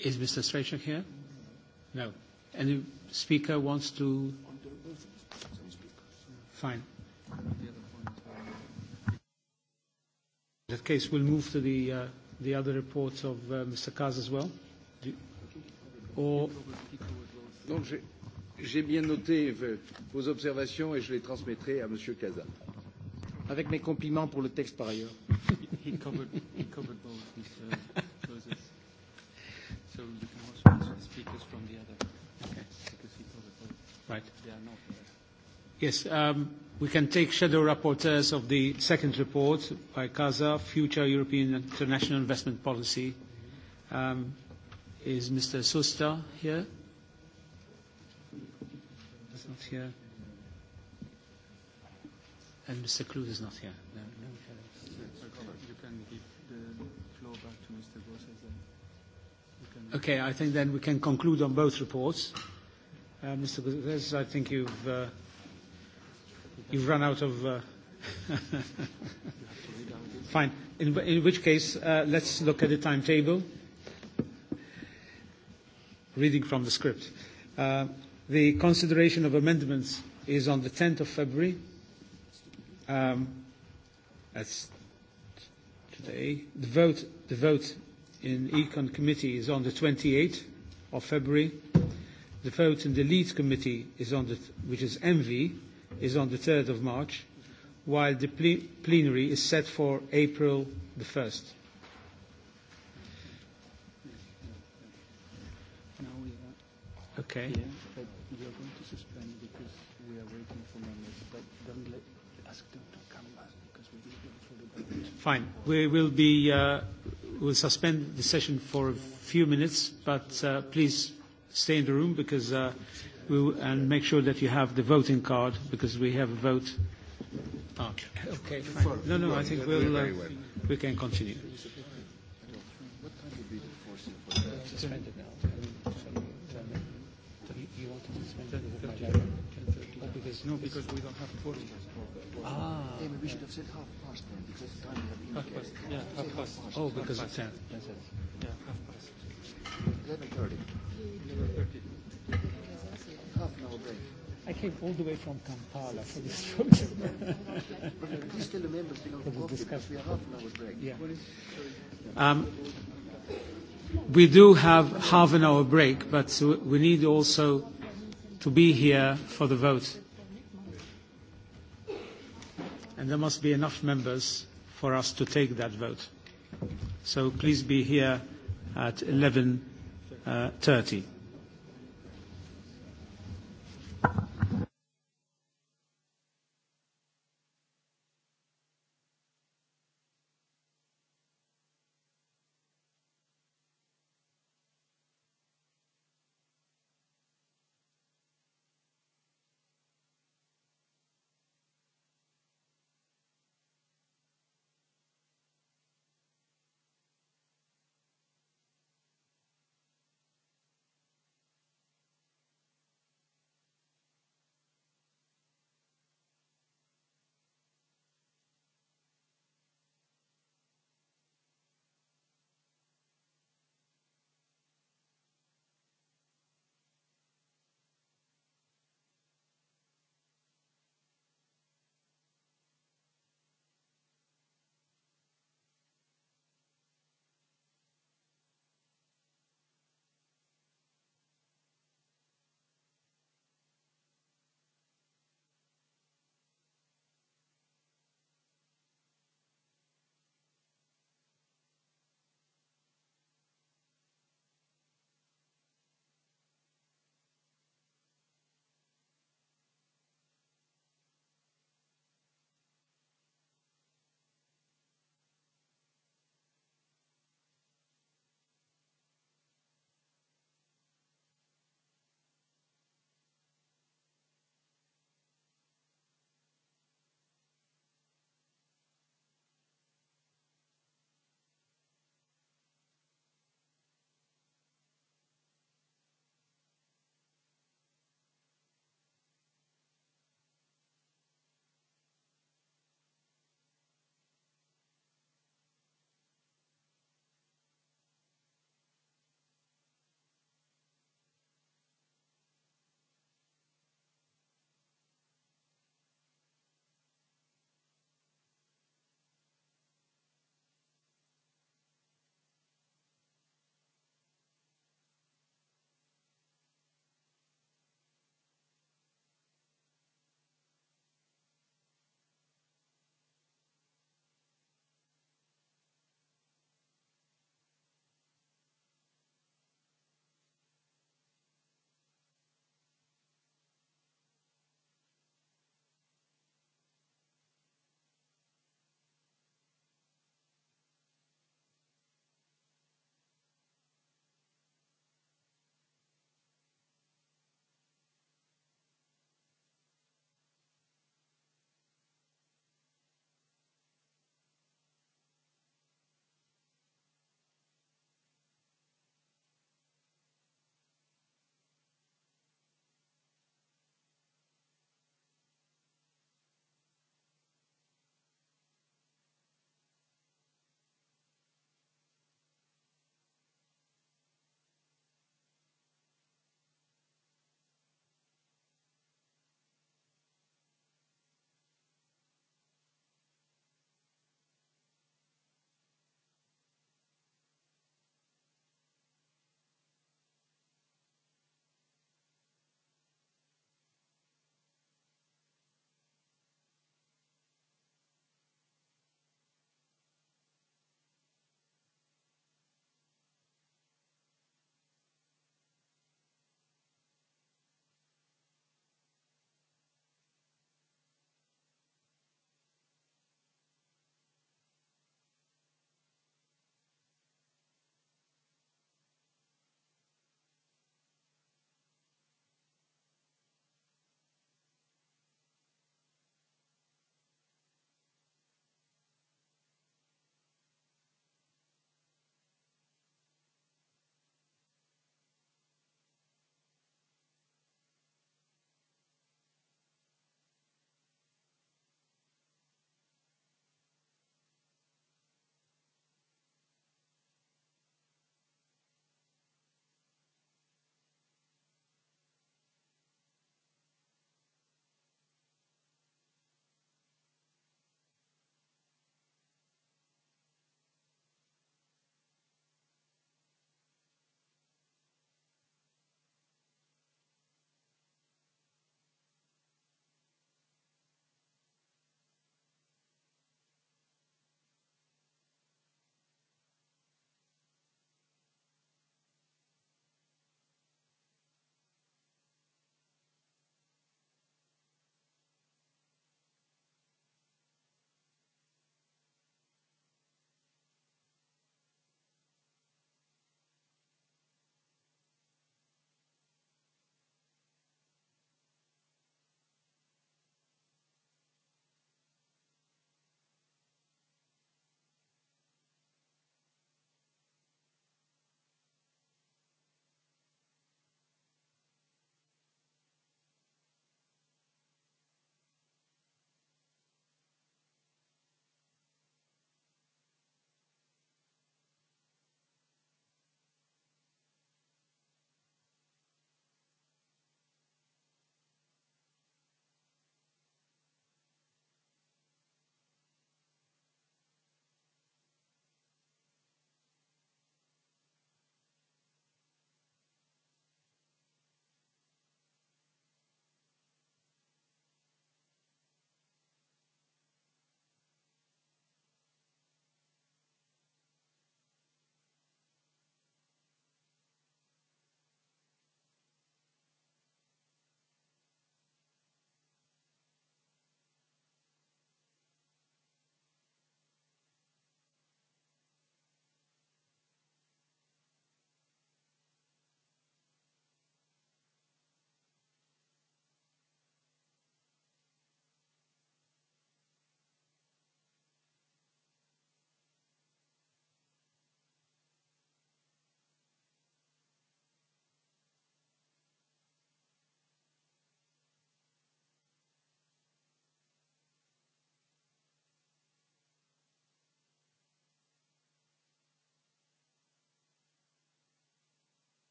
Is Mr. Strachan here? No. Any speaker wants to? Fine. In that case, we'll move to the, uh, the other reports of uh, Mr. Kaz as well. Do, or... No, j'ai bien noté vos observations et je les transmettrai à Monsieur Casa. Avec mes compliments pour le texte par ailleurs. he covered, he covered both his uh, So you can also answer the speakers from the other. Okay. Because he covered both. Right. They are not there. Yes, um, we can take shadow rapporteurs of the second report by CASA, Future European International Investment Policy. Um, is Mr. Susta here? not here. And Mr. Clute is not here. No, no, you can give the floor back to Mr. Gosses. Okay, I think then we can conclude on both reports. Uh, Mr. Gosses, I think you've, uh, you've run out of... Uh, *laughs* Fine. In, in which case, uh, let's look at the timetable. Reading from the script. Uh, The consideration of amendments is on the 10th of February. Um, that's today. The vote, the vote in Econ Committee is on the 28th of February. The vote in the Leeds Committee, is on the, which is MV, is on the 3rd of March, while the plen plenary is set for April the 1st. Okay. Yeah. don't let, ask them to come back because we need them for the debate. Fine. We will be, uh, we'll suspend the session for a few minutes, but uh, please stay in the room because uh, we will, and make sure that you have the voting card because we have a vote. Oh, okay, fine. No, no, I think we'll, uh, we can continue. What time be the force? Yes, no, because we don't have four. Ah. Maybe we should have said half past then, because the time we have Half past, yeah, half past. Oh, because half past. it's 10. That's it. Yeah, half past. 11.30. 11.30. Half an hour break. I came all the way from Kampala for this *laughs* program. but please tell the members to go to because we have half an hour break. Yeah. Um, we do have half an hour break, but we need also to be here for the vote and there must be enough members for us to take that vote. So please be here at 11.30. Uh,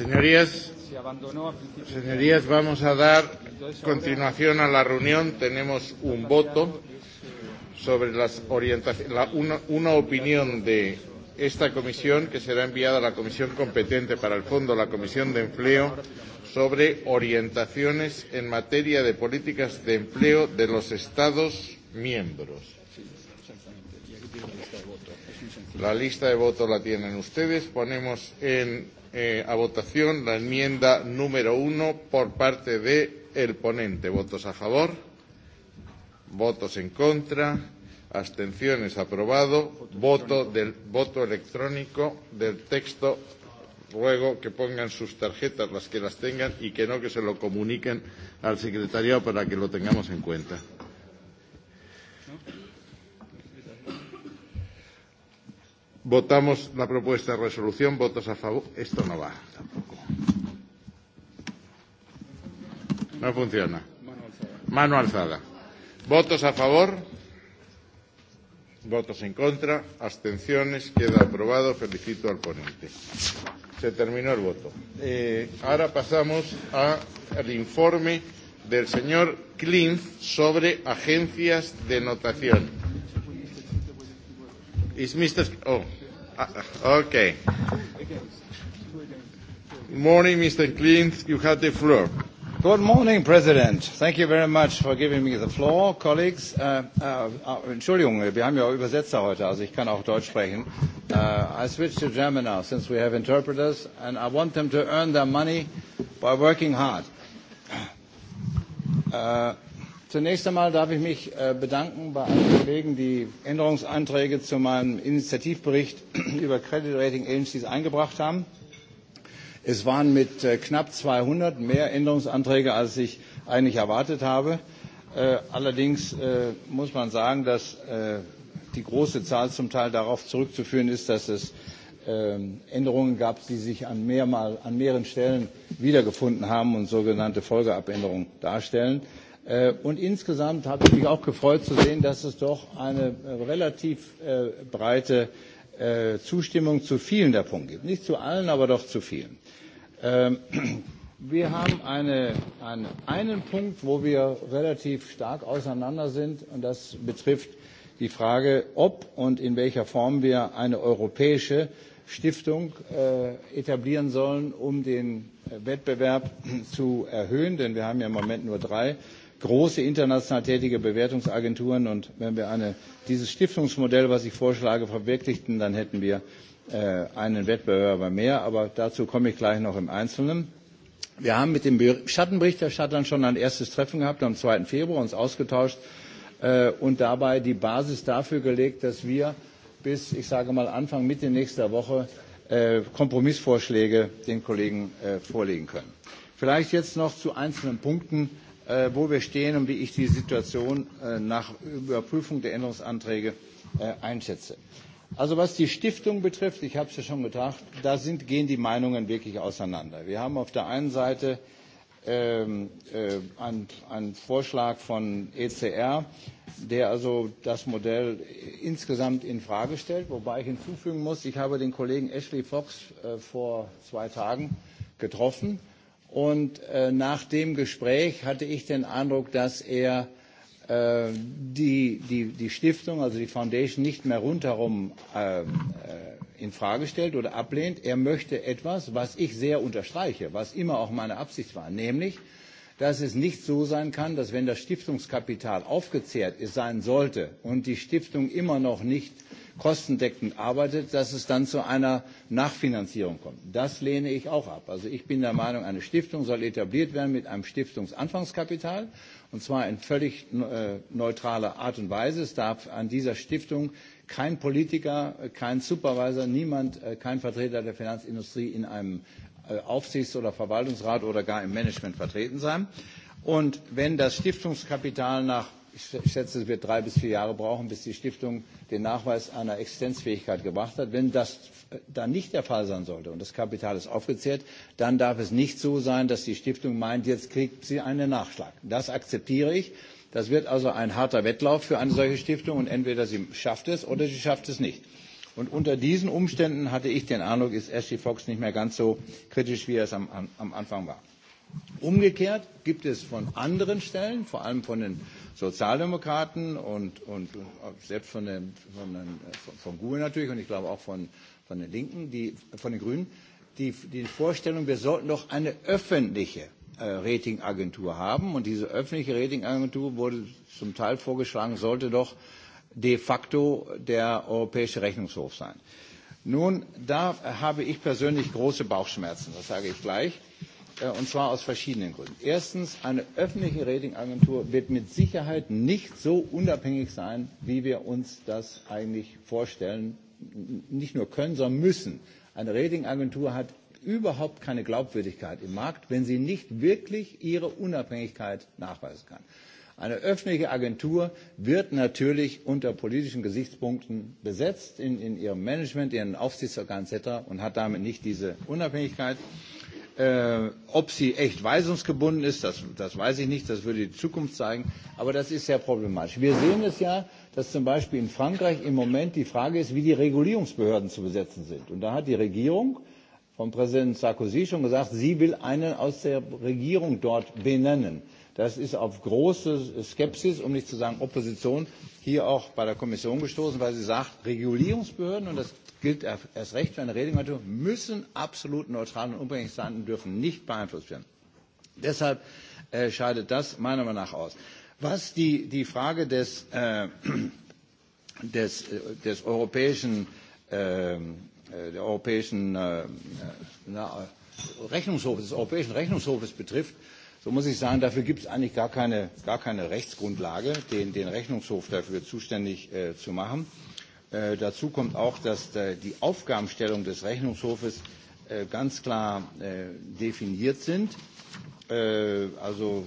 Señorías, señorías, vamos a dar continuación a la reunión. Tenemos un voto eh, sobre las orientaciones, la, una, una opinión de esta comisión que será enviada a la comisión competente para el fondo, la comisión de empleo, sobre orientaciones en materia de políticas de empleo de los Estados miembros. La lista de votos la tienen ustedes. Ponemos en eh, a votación la enmienda número uno por parte del el ponente. ¿Votos a favor? ¿Votos en contra? Abstenciones aprobado. Voto, del, voto electrónico del texto. Ruego que pongan sus tarjetas, las que las tengan, y que no que se lo comuniquen al secretariado para que lo tengamos en cuenta. Votamos la propuesta de resolución. Votos a favor. Esto no va tampoco. No funciona. Mano alzada. Votos a favor. Votos en contra. Abstenciones. Queda aprobado. Felicito al ponente. Se terminó el voto. Eh, ahora pasamos a, al informe del señor Klinz sobre agencias de notación. Is Mr. Oh, uh, okay. Good morning, Mr. Klint. You have the floor. Good morning, President. Thank you very much for giving me the floor, colleagues. Uh, uh, uh Entschuldigung, wir haben ja Übersetzer heute, also ich kann auch Deutsch sprechen. Uh, I switch to German now, since we have interpreters, and I want them to earn their money by working hard. Uh, Zunächst einmal darf ich mich äh, bedanken bei allen Kollegen, die Änderungsanträge zu meinem Initiativbericht *clears throat* über Credit Rating Agencies eingebracht haben. Es waren mit äh, knapp 200 mehr Änderungsanträge, als ich eigentlich erwartet habe. Äh, allerdings muss man sagen, dass die große Zahl zum Teil darauf zurückzuführen ist, dass es ähm, Änderungen gab, die sich an, mehrmal, an mehreren Stellen wiedergefunden haben und sogenannte Folgeabänderungen darstellen. Äh, und insgesamt habe ich mich auch gefreut zu sehen, dass es doch eine äh, relativ äh, breite Zustimmung zu vielen der Punkte gibt. Nicht zu allen, aber doch zu vielen. Ähm, *clears throat* wir haben eine, einen, einen Punkt, wo wir relativ stark auseinander sind, und das betrifft die Frage, ob und in welcher Form wir eine europäische Stiftung äh, etablieren sollen, um den Wettbewerb *clears throat* zu erhöhen, denn wir haben ja im Moment nur drei große international tätige Bewertungsagenturen. Und wenn wir eine, dieses Stiftungsmodell, was ich vorschlage, verwirklichten, dann hätten wir äh, einen Wettbewerber mehr. Aber dazu komme ich gleich noch im Einzelnen. Wir haben mit den Schattenberichterstattern schon ein erstes Treffen gehabt, am 2. Februar uns ausgetauscht äh, und dabei die Basis dafür gelegt, dass wir bis, ich sage mal, Anfang Mitte nächster Woche äh, Kompromissvorschläge den Kollegen äh, vorlegen können. Vielleicht jetzt noch zu einzelnen Punkten, äh, wo wir stehen und wie ich die Situation äh, nach Überprüfung der Änderungsanträge äh, einschätze. Also was die Stiftung betrifft, ich habe es ja schon gedacht, da sind, gehen die Meinungen wirklich auseinander. Wir haben auf der einen Seite ähm, äh, einen, einen Vorschlag von ECR, der also das Modell insgesamt in Frage stellt, wobei ich hinzufügen muss, ich habe den Kollegen Ashley Fox äh, vor zwei Tagen getroffen Und äh, nach dem Gespräch hatte ich den Eindruck, dass er äh, die, die, die Stiftung, also die Foundation, nicht mehr rundherum ähm, äh, in Frage stellt oder ablehnt. Er möchte etwas, was ich sehr unterstreiche, was immer auch meine Absicht war, nämlich, dass es nicht so sein kann, dass wenn das Stiftungskapital aufgezehrt sein sollte und die Stiftung immer noch nicht äh, kostendeckend arbeitet, dass es dann zu einer Nachfinanzierung kommt. Das lehne ich auch ab. Also ich bin der Meinung, eine Stiftung soll etabliert werden mit einem Stiftungsanfangskapital und zwar in völlig äh, neutraler Art und Weise. Es darf an dieser Stiftung kein Politiker, äh, kein Supervisor, niemand, äh, kein Vertreter der Finanzindustrie in einem Aufsichts- oder Verwaltungsrat oder gar im Management vertreten sein. Und wenn das Stiftungskapital nach ich schätze, es wird drei bis vier Jahre brauchen, bis die Stiftung den Nachweis einer Existenzfähigkeit gebracht hat. Wenn das äh, dann nicht der Fall sein sollte und das Kapital ist aufgezehrt, dann darf es nicht so sein, dass die Stiftung meint, jetzt kriegt sie einen Nachschlag. Das akzeptiere ich. Das wird also ein harter Wettlauf für eine solche Stiftung und entweder sie schafft es oder sie schafft es nicht. Und unter diesen Umständen hatte ich den Eindruck, ist Ashley Fox nicht mehr ganz so kritisch, wie er es am, am Anfang war. Umgekehrt gibt es von anderen Stellen, vor allem von den Sozialdemokraten und, und, und selbst von den, von den, von GUE natürlich und ich glaube auch von, von den Linken, die, von den Grünen, die, die Vorstellung, wir sollten doch eine öffentliche äh, Ratingagentur haben. Und diese öffentliche Ratingagentur wurde zum Teil vorgeschlagen, sollte doch de facto der Europäische Rechnungshof sein. Nun, da habe ich persönlich große Bauchschmerzen, das sage ich gleich. Äh, und zwar aus verschiedenen Gründen. Erstens, eine öffentliche Ratingagentur wird mit Sicherheit nicht so unabhängig sein, wie wir uns das eigentlich vorstellen, nicht nur können, sondern müssen. Eine Ratingagentur hat überhaupt keine Glaubwürdigkeit im Markt, wenn sie nicht wirklich ihre Unabhängigkeit nachweisen kann. Eine öffentliche Agentur wird natürlich unter politischen Gesichtspunkten besetzt in, in ihrem Management, ihren Aufsichtsorganen etc. und hat damit nicht diese Unabhängigkeit. Äh, ob sie echt weisungsgebunden ist, das, das weiß ich nicht, das würde die Zukunft zeigen, aber das ist sehr problematisch. Wir sehen es ja, dass zum Beispiel in Frankreich im Moment die Frage ist, wie die Regulierungsbehörden zu besetzen sind. Und da hat die Regierung von Präsident Sarkozy schon gesagt, sie will einen aus der Regierung dort benennen. Das ist auf große Skepsis, um nicht zu sagen Opposition, hier auch bei der Kommission gestoßen, weil sie sagt, Regulierungsbehörden, und das gilt er- erst recht für eine Ratingagentur, müssen absolut neutral und unabhängig sein und dürfen nicht beeinflusst werden. Deshalb äh, scheidet das meiner Meinung nach aus. Was die, die Frage des, äh, *clears throat* des, äh, des europäischen, ähm, äh, der europäischen äh, äh na, äh, Rechnungshofes, des Europäischen Rechnungshofes betrifft, so muss ich sagen, dafür gibt es eigentlich gar keine, gar keine Rechtsgrundlage, den, den Rechnungshof dafür zuständig äh, zu machen. Äh, Äh, dazu kommt auch, dass äh, die Aufgabenstellung des Rechnungshofes äh, ganz klar äh, definiert sind. Äh, also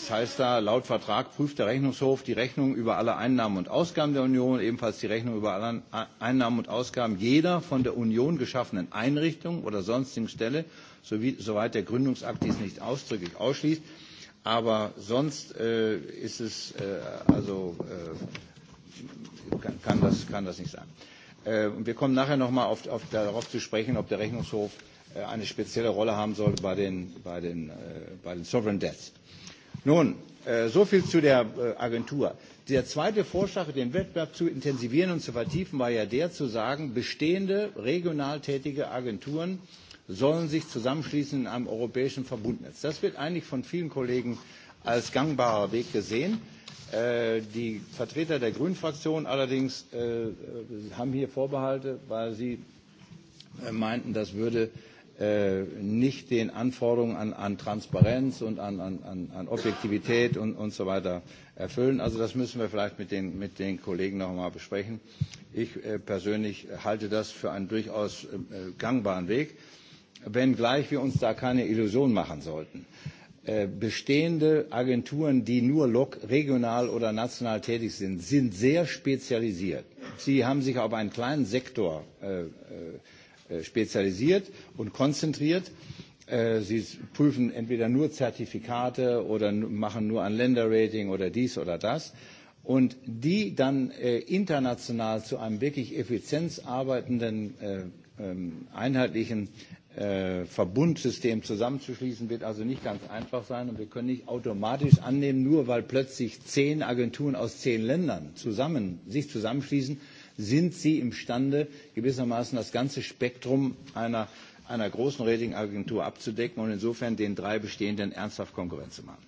das heißt da, laut Vertrag prüft der Rechnungshof die Rechnung über alle Einnahmen und Ausgaben der Union, ebenfalls die Rechnung über alle Einnahmen und Ausgaben jeder von der Union geschaffenen Einrichtung oder sonstigen Stelle, sowie, soweit der Gründungsakt dies nicht ausdrücklich ausschließt. Aber sonst äh, ist es äh, also äh, kann, kann, das, kann das nicht sein. Äh, wir kommen nachher nochmal auf, auf, darauf zu sprechen, ob der Rechnungshof äh, eine spezielle Rolle haben soll bei den, bei den, äh, bei den Sovereign Debts. Nun, äh, so viel zu der äh, Agentur. Der zweite Vorschlag, den Wettbewerb zu intensivieren und zu vertiefen, war ja der zu sagen, bestehende regional tätige Agenturen sollen sich zusammenschließen in einem europäischen Verbundnetz. Das wird eigentlich von vielen Kollegen als gangbarer Weg gesehen. Äh, die Vertreter der Grünen-Fraktion allerdings äh, äh, haben hier Vorbehalte, weil sie meinten, das würde nicht den Anforderungen an, an Transparenz und an, an, an Objektivität und, und so weiter erfüllen. Also das müssen wir vielleicht mit den, mit den Kollegen noch einmal besprechen. Ich persönlich halte das für einen durchaus gangbaren Weg, wenngleich wir uns da keine Illusion machen sollten. Äh, bestehende Agenturen, die nur regional oder national tätig sind, sind sehr spezialisiert. Sie haben sich auf einen kleinen Sektor äh, äh, äh spezialisiert und konzentriert. sie prüfen entweder nur Zertifikate oder machen nur ein Länderrating oder dies oder das. Und die dann äh, international zu einem wirklich effizienzarbeitenden ähm, einheitlichen äh, Verbundsystem zusammenzuschließen, wird also nicht ganz einfach sein. Und wir können nicht automatisch annehmen, nur weil plötzlich zehn Agenturen aus zehn Ländern zusammen, sich zusammenschließen, sind sie imstande, gewissermaßen das ganze Spektrum einer, einer großen Ratingagentur abzudecken und insofern den drei bestehenden ernsthaft Konkurrenz zu machen.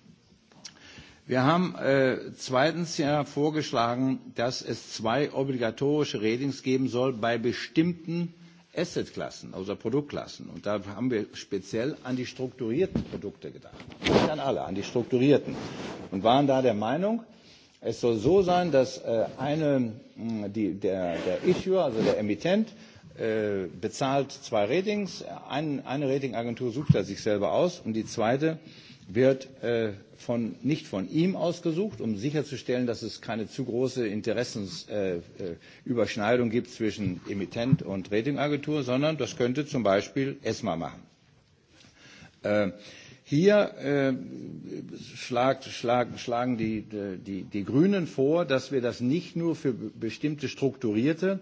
Wir haben äh, zweitens ja vorgeschlagen, dass es zwei obligatorische Ratings geben soll bei bestimmten Assetklassen, also Produktklassen. Und da haben wir speziell an die strukturierten Produkte gedacht. Nicht an alle, an die strukturierten. Und waren da der Meinung, es soll so sein, dass äh, eine, die, der, der Issuer, also der Emittent, äh, bezahlt zwei Ratings. Ein, eine Ratingagentur sucht er sich selber aus und die zweite äh, wird äh, von, nicht von ihm ausgesucht, um sicherzustellen, dass es keine zu große Interessensüberschneidung äh, äh gibt zwischen Emittent und Ratingagentur, sondern das könnte zum Beispiel ESMA machen. Äh, hier äh, schlag, schlag, schlagen die, die, die Grünen vor, dass wir das nicht nur für bestimmte strukturierte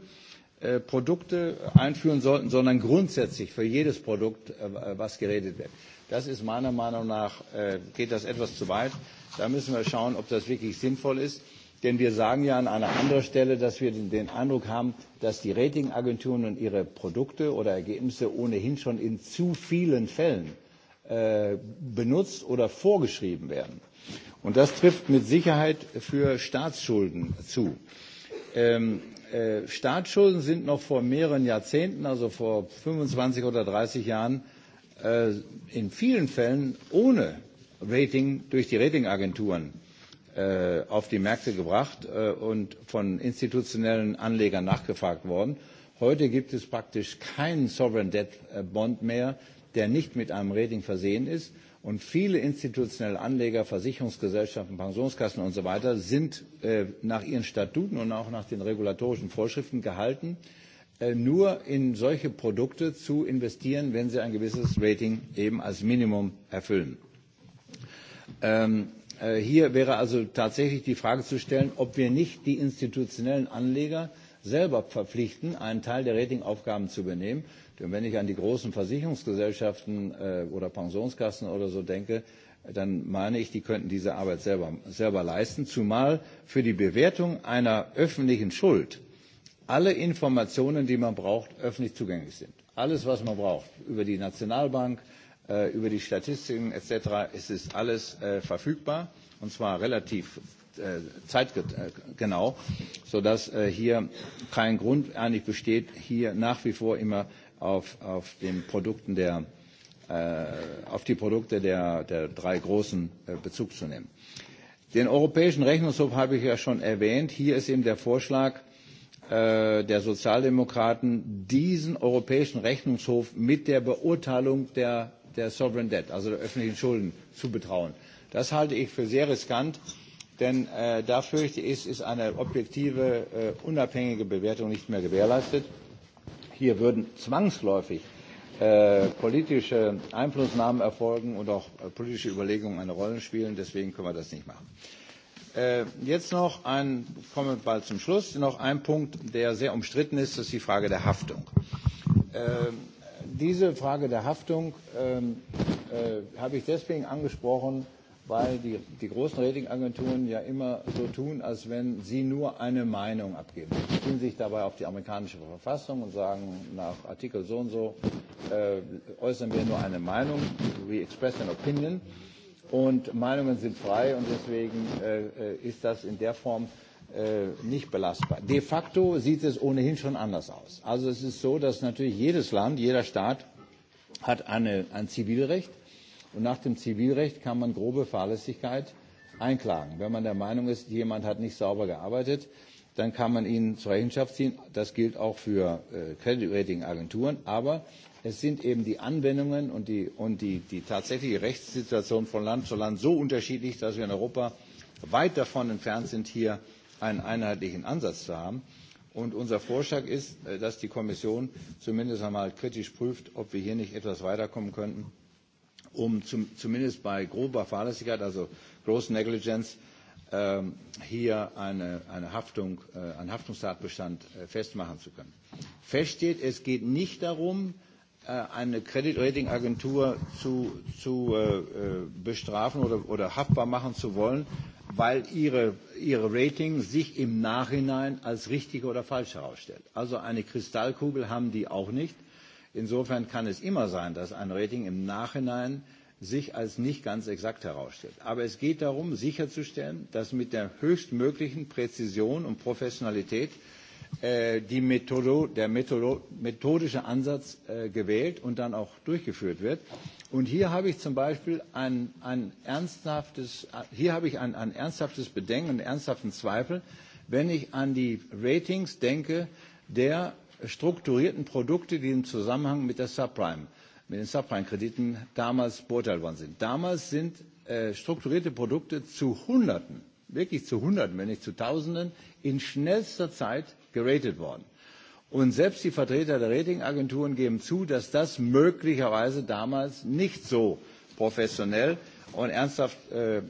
äh, Produkte einführen sollten, sondern grundsätzlich für jedes Produkt, äh, was geredet wird. Das ist meiner Meinung nach, äh, geht das etwas zu weit. Da müssen wir schauen, ob das wirklich sinnvoll ist. Denn wir sagen ja an einer anderen Stelle, dass wir den Eindruck haben, dass die Ratingagenturen und ihre Produkte oder Ergebnisse ohnehin schon in zu vielen Fällen äh, benutzt oder vorgeschrieben werden. Und das trifft mit Sicherheit für Staatsschulden zu. Ähm, äh, Staatsschulden sind noch vor mehreren Jahrzehnten, also vor 25 oder 30 Jahren, äh, in vielen Fällen ohne Rating durch die Ratingagenturen äh, auf die Märkte gebracht äh, und von institutionellen Anlegern nachgefragt worden. Heute gibt es praktisch keinen Sovereign Debt äh, Bond mehr, der nicht mit einem Rating versehen ist. Und viele institutionelle Anleger, Versicherungsgesellschaften, Pensionskassen usw. so sind äh, nach ihren Statuten und auch nach den regulatorischen Vorschriften gehalten, äh, Äh, nur in solche Produkte zu investieren, wenn sie ein gewisses Rating eben als Minimum erfüllen. Ähm, äh, hier wäre also tatsächlich die Frage zu stellen, ob wir nicht die institutionellen Anleger selber verpflichten, einen Teil der Ratingaufgaben zu übernehmen. Denn wenn ich an die großen Versicherungsgesellschaften äh, oder Pensionskassen oder so denke, dann meine ich, die könnten diese Arbeit selber, selber leisten, zumal für die Bewertung einer öffentlichen Schuld alle Informationen, die man braucht, öffentlich zugänglich sind. Alles, was man braucht, über die Nationalbank, äh, über die Statistiken etc., es ist alles äh, verfügbar und zwar relativ äh, zeitgenau, sodass hier kein Grund eigentlich besteht, hier nach wie vor immer auf, auf den Produkten der auf die Produkte der, der drei großen Bezug zu nehmen. Den Europäischen Rechnungshof habe ich ja schon erwähnt. Hier ist eben der Vorschlag, Äh, der Sozialdemokraten diesen Europäischen Rechnungshof mit der Beurteilung der, der Sovereign Debt, also der öffentlichen Schulden, zu betrauen. Das halte ich für sehr riskant, denn äh, da fürchte ich, ist eine objektive, äh, unabhängige Bewertung nicht mehr gewährleistet. Hier würden zwangsläufig äh, politische Einflussnahmen erfolgen und auch äh, politische Überlegungen eine Rolle spielen. Deswegen können wir das nicht machen. Äh, jetzt noch ein, kommen wir bald zum Schluss, noch ein Punkt, der sehr umstritten ist, das ist die Frage der Haftung. Äh, diese Frage der Haftung ähm, äh, habe ich deswegen angesprochen, weil die, die großen Ratingagenturen ja immer so tun, als wenn sie nur eine Meinung abgeben. Sie beziehen sich dabei auf die amerikanische Verfassung und sagen, nach Artikel so und so äh, äußern wir nur eine Meinung, we express an opinion. Äh, und Meinungen sind frei und deswegen äh, äh, ist das in der Form äh, nicht belastbar. De facto sieht es ohnehin schon anders aus. Also es ist so, dass natürlich jedes Land, jeder Staat hat eine, ein Zivilrecht und nach dem Zivilrecht kann man grobe Fahrlässigkeit einklagen. Wenn man der Meinung ist, jemand hat nicht sauber gearbeitet, dann kann man ihn zur Rechenschaft ziehen. Das gilt auch für äh, Credit Rating Agenturen, aber Es sind eben die Anwendungen und die, und die, die tatsächliche Rechtssituation von Land zu Land so unterschiedlich, dass wir in Europa weit davon entfernt sind, hier einen einheitlichen Ansatz zu haben. Und unser Vorschlag ist, äh, dass die Kommission zumindest einmal kritisch prüft, ob wir hier nicht etwas weiterkommen könnten, um zum, zumindest bei grober Fahrlässigkeit, also gross Negligence, ähm, hier eine, eine Haftung, äh, einen Haftungstatbestand äh, festmachen zu können. Fest steht, es geht nicht darum, Äh, eine Kreditratingagentur zu, zu äh, äh, bestrafen oder, oder haftbar machen zu wollen, weil ihre, ihre Rating sich im Nachhinein als richtig oder falsch herausstellt. Also eine Kristallkugel haben die auch nicht. Insofern kann es immer sein, dass ein Rating im Nachhinein sich als nicht ganz exakt herausstellt. Aber es geht darum, sicherzustellen, dass mit der höchstmöglichen Präzision und Professionalität Äh, die Methode, der Methode, methodische Ansatz äh, gewählt und dann auch durchgeführt wird. Und hier habe ich zum Beispiel ein, ein ernsthaftes, hier habe ich ein, ein ernsthaftes Bedenken, einen ernsthaften Zweifel, wenn ich an die Ratings denke der strukturierten Produkte, die im Zusammenhang mit der Subprime, mit den Subprime-Krediten damals beurteilt worden sind. Damals sind äh, strukturierte Produkte zu Hunderten, wirklich zu Hunderten, wenn nicht zu Tausenden, in schnellster Zeit geratet worden. Und selbst die Vertreter der Ratingagenturen geben zu, dass das möglicherweise damals nicht so professionell und ernsthaft äh, äh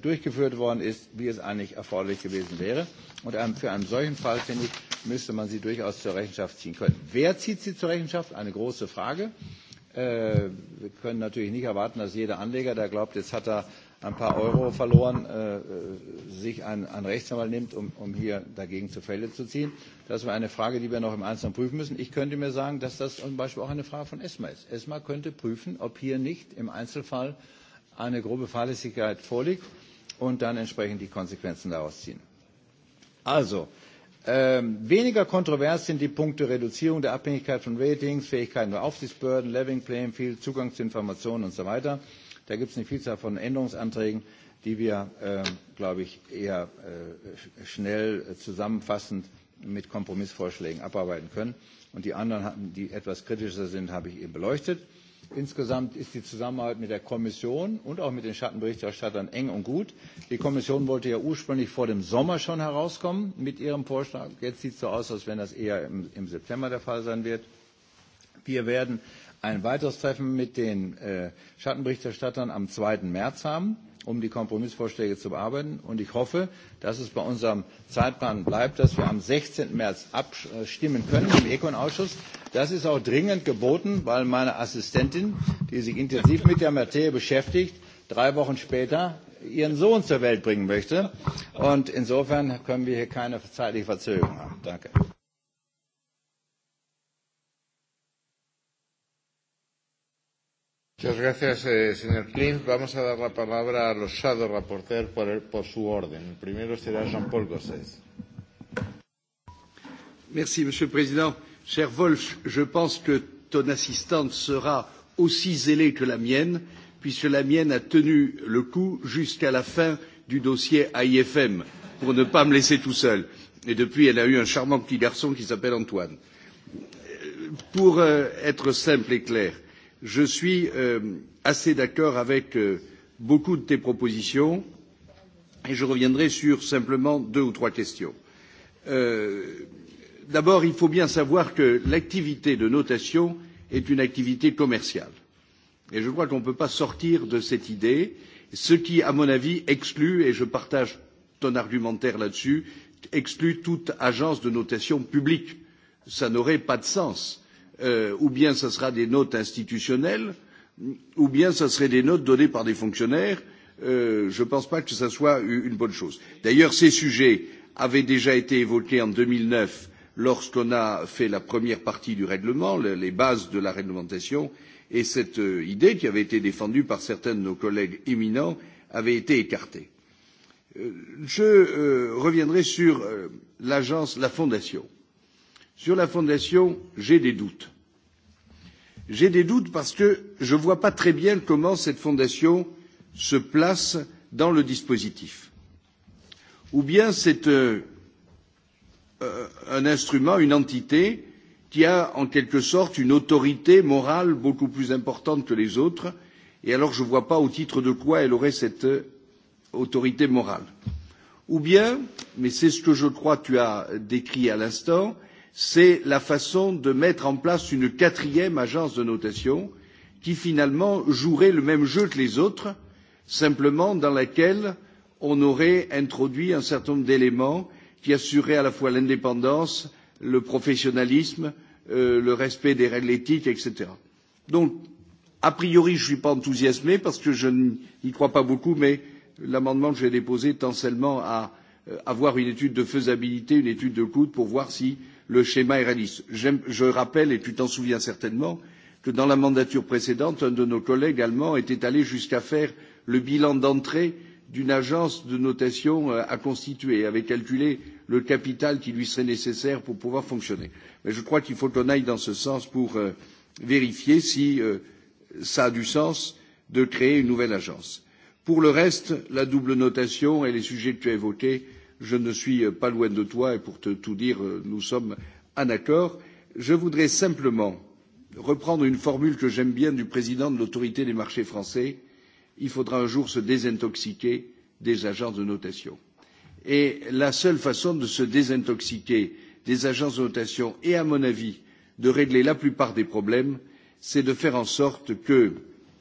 durchgeführt worden ist, wie es eigentlich erforderlich gewesen wäre. Und einem, für einen solchen Fall, finde ich, müsste man sie durchaus zur Rechenschaft ziehen können. Wer zieht sie zur Rechenschaft? Eine große Frage. Äh, wir können natürlich nicht erwarten, dass jeder Anleger, der glaubt, jetzt hat er ein paar Euro verloren, äh, äh sich einen, einen Rechtsanwalt nimmt, um, um hier dagegen zu Fälle zu ziehen. Das war eine Frage, die wir noch im Einzelnen prüfen müssen. Ich könnte mir sagen, dass das zum Beispiel auch eine Frage von ESMA ist. ESMA könnte prüfen, ob hier nicht im Einzelfall eine grobe Fahrlässigkeit vorliegt und dann entsprechend die Konsequenzen daraus ziehen. Also, ähm, weniger kontrovers sind die Punkte Reduzierung der Abhängigkeit von Ratings, Fähigkeiten der Aufsichtsbehörden, Leveling Playing Field, Zugang zu Informationen und so weiter. Da gibt es eine Vielzahl von Änderungsanträgen, die wir, ähm, glaube ich, eher äh, schnell äh, zusammenfassend mit Kompromissvorschlägen abarbeiten können. Und die anderen, die etwas kritischer sind, habe ich eben beleuchtet. Insgesamt ist die Zusammenarbeit mit der Kommission und auch mit den Schattenberichterstattern eng und gut. Die Kommission wollte ja ursprünglich vor dem Sommer schon herauskommen mit ihrem Vorschlag. Jetzt sieht es so aus, als wenn das eher im, im September der Fall sein wird. Wir werden ein weiteres Treffen mit den äh, Schattenberichterstattern am 2. März haben, um die Kompromissvorschläge zu bearbeiten. Und ich hoffe, dass es bei unserem Zeitplan bleibt, dass wir am 16. März abstimmen können im Econ-Ausschuss. Das ist auch dringend geboten, weil meine Assistentin, die sich intensiv mit der Materie beschäftigt, drei Wochen später ihren Sohn zur Welt bringen möchte. Und insofern können wir hier keine zeitliche Verzögerung haben. Danke. Muchas gracias, eh, señor Klint. Vamos a dar la palabra a los shadow rapporteurs por, el, por su orden. El primero será Jean-Paul Gossès. Merci, Monsieur le Président. Cher Wolf, je pense que ton assistante sera aussi zélée que la mienne, puisque la mienne a tenu le coup jusqu'à la fin du dossier AIFM, pour ne pas me laisser tout seul. Et depuis, elle a eu un charmant petit garçon qui s'appelle Antoine. Euh, pour euh, être simple et clair, euh, je suis euh, assez d'accord avec euh, beaucoup de tes propositions et je reviendrai sur simplement deux ou trois questions. Euh, D'abord, il faut bien savoir que l'activité de notation est une activité commerciale. Et je crois qu'on ne peut pas sortir de cette idée, ce qui, à mon avis, exclut, et je partage ton argumentaire là-dessus, exclut toute agence de notation publique. Ça n'aurait pas de sens euh, ou bien ce sera des notes institutionnelles, ou bien ce serait des notes données par des fonctionnaires. Euh, je ne pense pas que ce soit une bonne chose. D'ailleurs, ces sujets avaient déjà été évoqués en deux mille neuf lorsqu'on a fait la première partie du règlement, les bases de la réglementation, et cette euh, idée qui avait été défendue par certains de nos collègues éminents avait été écartée. Euh, je euh, reviendrai sur euh, l'agence, la fondation. Sur la fondation, j'ai des doutes. J'ai des doutes parce que je ne vois pas très bien comment cette fondation se place dans le dispositif. Ou bien c'est euh, euh, un instrument, une entité qui a en quelque sorte une autorité morale beaucoup plus importante que les autres, et alors je ne vois pas au titre de quoi elle aurait cette euh, autorité morale. Ou bien, mais c'est ce que je crois que tu as décrit à l'instant, c'est la façon de mettre en place une quatrième agence de notation qui finalement jouerait le même jeu que les autres, simplement dans laquelle on aurait introduit un certain nombre d'éléments qui assuraient à la fois l'indépendance, le professionnalisme, euh, le respect des règles éthiques, etc. Donc, a priori, je ne suis pas enthousiasmé parce que je n'y crois pas beaucoup, mais l'amendement que j'ai déposé tend seulement à euh, avoir une étude de faisabilité, une étude de coût pour voir si euh, le schéma Eralis. Je rappelle, et tu t'en souviens certainement, que dans la mandature précédente, un de nos collègues allemands était allé jusqu'à faire le bilan d'entrée d'une agence de notation euh, à constituer, avait calculé le capital qui lui serait nécessaire pour pouvoir fonctionner. Mais je crois qu'il faut qu'on aille dans ce sens pour euh, vérifier si euh, ça a du sens de créer une nouvelle agence. Pour le reste, la double notation et les sujets que tu as évoqués je ne suis pas loin de toi et pour te tout dire, nous sommes en accord. Je voudrais simplement reprendre une formule que j'aime bien du président de l'autorité des marchés français. Il faudra un jour se désintoxiquer des agences de notation. Et la seule façon de se désintoxiquer des agences de notation et, à mon avis, de régler la plupart des problèmes, c'est de faire en sorte que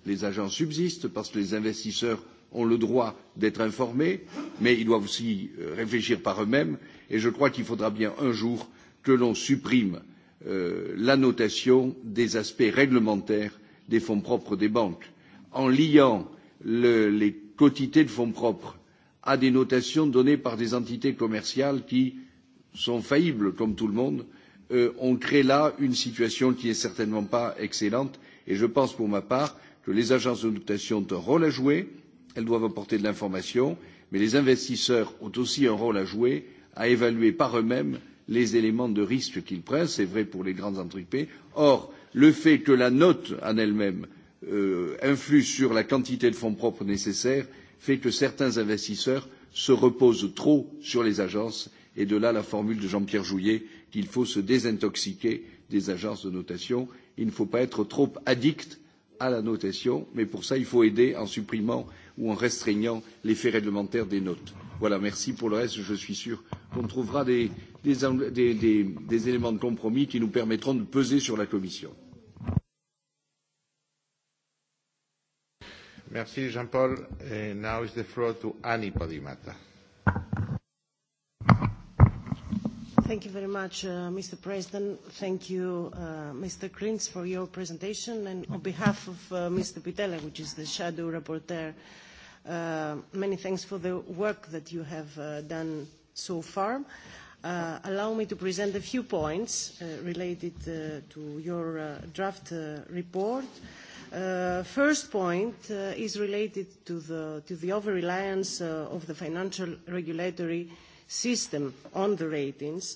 les agences subsistent parce que les investisseurs ont le droit d'être informés, mais ils doivent aussi euh, réfléchir par eux-mêmes, et je crois qu'il faudra bien un jour que l'on supprime euh, notation des aspects réglementaires des fonds propres des banques, en liant le, les quotités de fonds propres à des notations données par des entités commerciales qui sont faillibles, comme tout le monde, euh, on crée là une situation qui n'est certainement pas excellente, et je pense pour ma part que les agences de notation ont un rôle à jouer, elles doivent apporter de l'information, mais les investisseurs ont aussi un rôle à jouer à évaluer par eux-mêmes les éléments de risque qu'ils prennent, c'est vrai pour les grandes entreprises. Or, le fait que la note en elle-même euh, influe sur la quantité de fonds propres nécessaires fait que certains investisseurs se reposent trop sur les agences et de là la formule de Jean-Pierre Jouyet qu'il faut se désintoxiquer des agences de notation. Il ne faut pas être trop addict à la notation, mais pour ça il faut aider en supprimant ou en restreignant l'effet réglementaire des notes. Voilà, merci. Pour le reste, je suis sûr qu'on trouvera des, des, des, des, des éléments de compromis qui nous permettront de peser sur la Commission. Merci Jean-Paul. Now is the floor to Annie Podimata. Thank you very much, uh, Mr. President. Thank you, uh, Mr. Krins, for your presentation. And on behalf of uh, Mr. Pitella, which is the shadow rapporteur, Uh, many thanks for the work that you have uh, done so far. Uh, allow me to present a few points uh, related uh, to your uh, draft uh, report. Uh, first point uh, is related to the, to the over-reliance uh, of the financial regulatory system on the ratings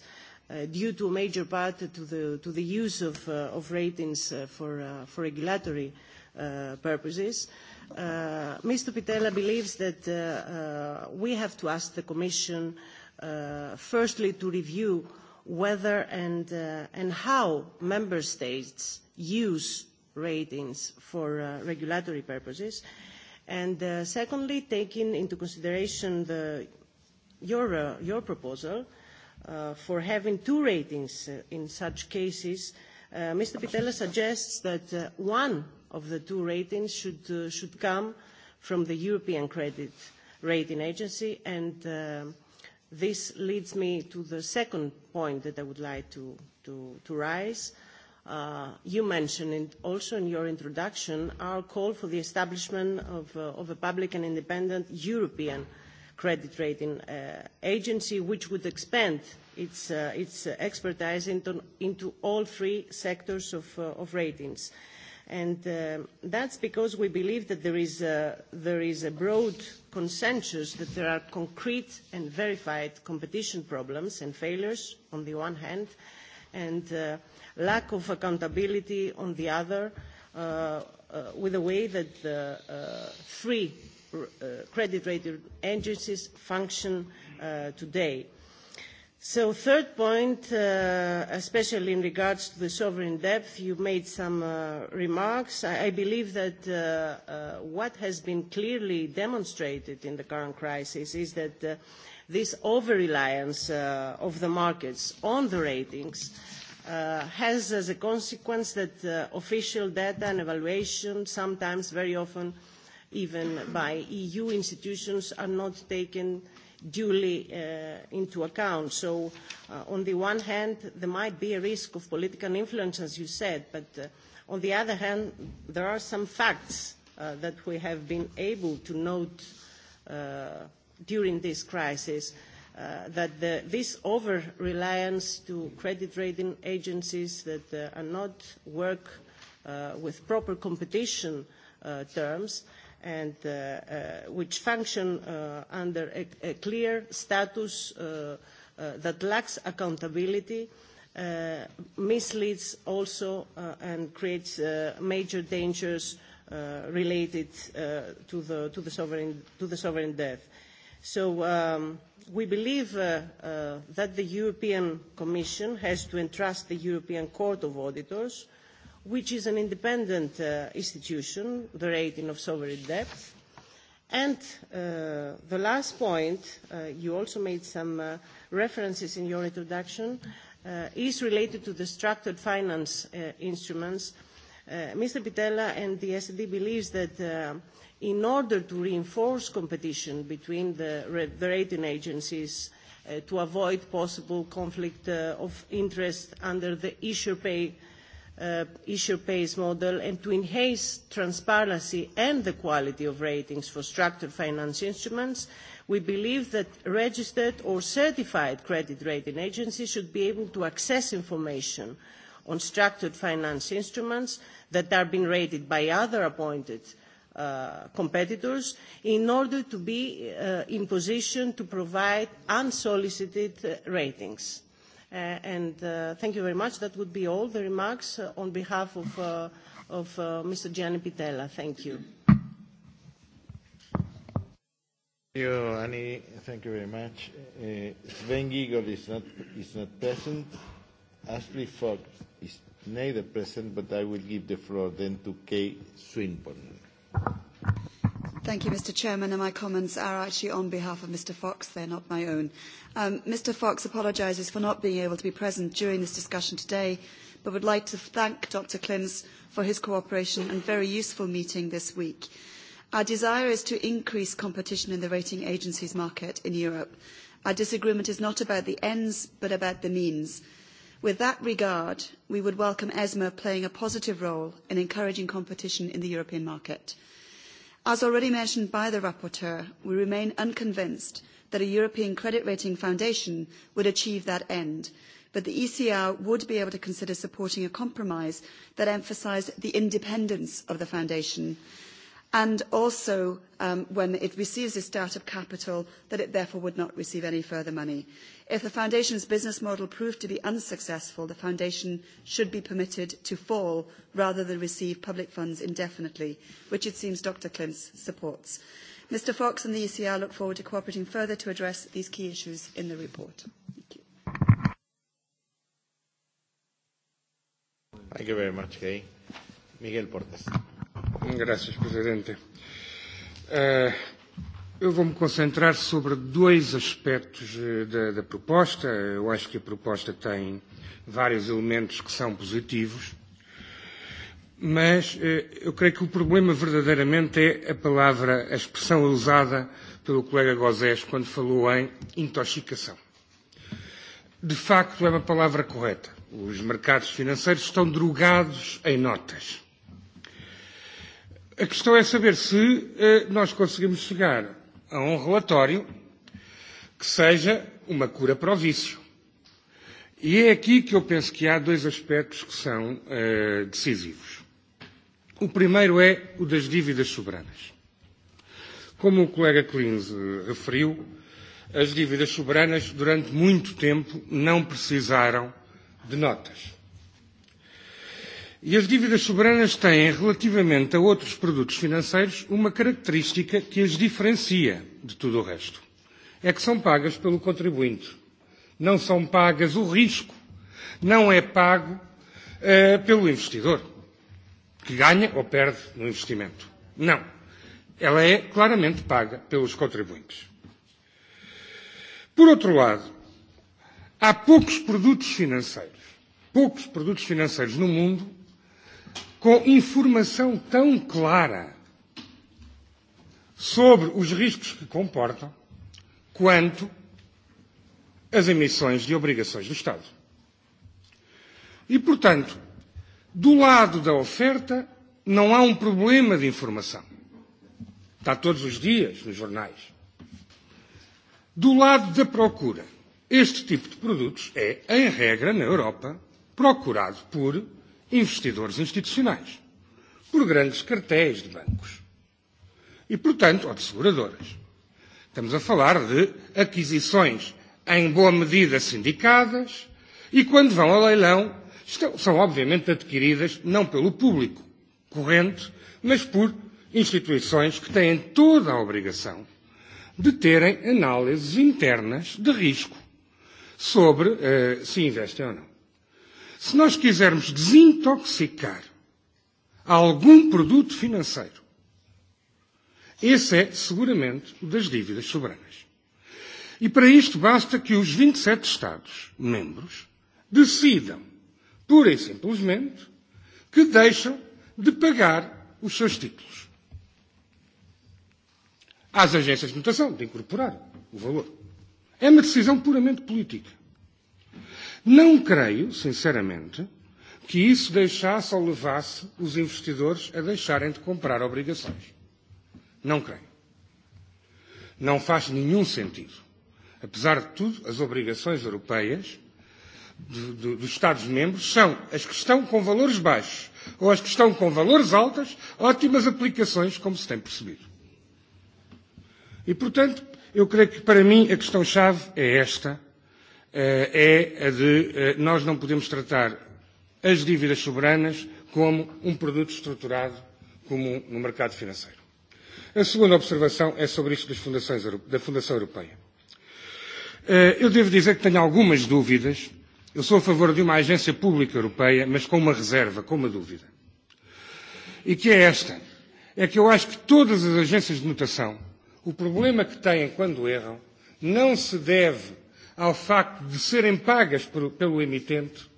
uh, due to a major part to the, to the use of, uh, of ratings uh, for, uh, for regulatory uh, purposes. Uh, Uh, Mr. Pitella believes that uh, uh, we have to ask the Commission uh, firstly to review whether and, uh, and how member states use ratings for uh, regulatory purposes and uh, secondly taking into consideration the, your, uh, your proposal uh, for having two ratings uh, in such cases uh, Mr. Pitella suggests that uh, one of the two ratings should, uh, should come from the European Credit Rating Agency. And uh, this leads me to the second point that I would like to, to, to raise. Uh, you mentioned in, also in your introduction our call for the establishment of, uh, of a public and independent European credit rating uh, agency which would expand its, uh, its expertise into, into all three sectors of, uh, of ratings. And uh, that's because we believe that there is, a, there is a broad consensus that there are concrete and verified competition problems and failures on the one hand, and uh, lack of accountability on the other, uh, uh, with the way that the uh, three uh, credit rating agencies function uh, today. So third point, uh, especially in regards to the sovereign debt, you made some uh, remarks. I, I believe that uh, uh, what has been clearly demonstrated in the current crisis is that uh, this over-reliance uh, of the markets on the ratings uh, has as a consequence that uh, official data and evaluation, sometimes very often even by EU institutions, are not taken duly uh, into account. So uh, on the one hand, there might be a risk of political influence, as you said, but uh, on the other hand, there are some facts uh, that we have been able to note uh, during this crisis, uh, that the, this over-reliance to credit rating agencies that uh, are not work uh, with proper competition uh, terms uh, and uh, uh, which function uh, under a, a clear status uh, uh, that lacks accountability uh, misleads also uh, and creates uh, major dangers uh, related uh, to, the, to, the sovereign, to the sovereign death. So um, we believe uh, uh, that the European Commission has to entrust the European Court of Auditors uh, which is an independent uh, institution, the rating of sovereign debt. And uh, the last point, uh, you also made some uh, references in your introduction, uh, is related to the structured finance uh, instruments. Uh, Mr. Pitella and the SD believes that uh, in order to reinforce competition between the, the rating agencies uh, to avoid possible conflict uh, of interest under the issue pay uh, uh, issue based model and to enhance transparency and the quality of ratings for structured finance instruments, we believe that registered or certified credit rating agencies should be able to access information on structured finance instruments that are being rated by other appointed uh, competitors in order to be uh, in position to provide unsolicited uh, ratings. Uh, and uh, thank you very much. That would be all the remarks uh, on behalf of, uh, of uh, Mr. Gianni Pitella. Thank you. Thank you, Annie. Thank you very much. Uh, Sven Giegel is not, is not present. Ashley Fox is neither present, but I will give the floor then to Kay Swinburne. Thank you, Mr. Chairman, and my comments are actually on behalf of Mr. Fox, they're not my own. Um, Mr. Fox apologises for not being able to be present during this discussion today, but would like to thank Dr. Klins for his cooperation and very useful meeting this week. Our desire is to increase competition in the rating agencies market in Europe. Our disagreement is not about the ends, but about the means. With that regard, we would welcome ESMA playing a positive role in encouraging competition in the European market. As already mentioned by the rapporteur, we remain unconvinced that a European credit rating foundation would achieve that end, but the ECR would be able to consider supporting a compromise that emphasised the independence of the foundation and also um, when it receives a start-up capital that it therefore would not receive any further money. If the Foundation's business model proved to be unsuccessful, the Foundation should be permitted to fall rather than receive public funds indefinitely, which it seems Dr Klintz supports. Mr Fox and the ECR look forward to cooperating further to address these key issues in the report. Thank you, Thank you very much, Kay. Miguel Portes. Presidente. Uh, Eu vou me concentrar sobre dois aspectos da, da proposta. Eu acho que a proposta tem vários elementos que são positivos, mas eh, eu creio que o problema verdadeiramente é a palavra, a expressão usada pelo colega Gozés quando falou em intoxicação. De facto, é uma palavra correta. Os mercados financeiros estão drogados em notas. A questão é saber se eh, nós conseguimos chegar a um relatório que seja uma cura para o vício. E é aqui que eu penso que há dois aspectos que são eh, decisivos. O primeiro é o das dívidas soberanas. Como o colega Clins eh, referiu, as dívidas soberanas durante muito tempo não precisaram de notas. E as dívidas soberanas têm, relativamente a outros produtos financeiros, uma característica que as diferencia de tudo o resto. É que são pagas pelo contribuinte. Não são pagas o risco. Não é pago uh, pelo investidor, que ganha ou perde no investimento. Não. Ela é claramente paga pelos contribuintes. Por outro lado, há poucos produtos financeiros, poucos produtos financeiros no mundo com informação tão clara sobre os riscos que comportam quanto as emissões de obrigações do Estado. E, portanto, do lado da oferta não há um problema de informação. Está todos os dias nos jornais. Do lado da procura, este tipo de produtos é, em regra, na Europa, procurado por investidores institucionais, por grandes cartéis de bancos e, portanto, ou de seguradoras. Estamos a falar de aquisições em boa medida sindicadas e, quando vão ao leilão, estão, são obviamente adquiridas não pelo público corrente, mas por instituições que têm toda a obrigação de terem análises internas de risco sobre uh, se investem ou não. Se nós quisermos desintoxicar algum produto financeiro, esse é seguramente o das dívidas soberanas. E para isto basta que os 27 e Estados-membros decidam, pura e simplesmente, que deixam de pagar os seus títulos às agências de notação de incorporar o valor. É uma decisão puramente política. Não creio, sinceramente, que isso deixasse ou levasse os investidores a deixarem de comprar obrigações. Não creio. Não faz nenhum sentido. Apesar de tudo, as obrigações europeias do, do, dos Estados-membros são as que estão com valores baixos ou as que estão com valores altos, ótimas aplicações, como se tem percebido. E, portanto, eu creio que para mim a questão-chave é esta Eh, é a de eh, nós não podemos tratar as dívidas soberanas como um produto estruturado comum no mercado financeiro. A segunda observação é sobre isto das fundações, da Fundação Europeia. Eh, eu devo dizer que tenho algumas dúvidas. Eu sou a favor de uma agência pública europeia, mas com uma reserva, com uma dúvida. E que é esta. É que eu acho que todas as agências de notação, o problema que têm quando erram, não se deve ao facto de serem pagas por, pelo emitente,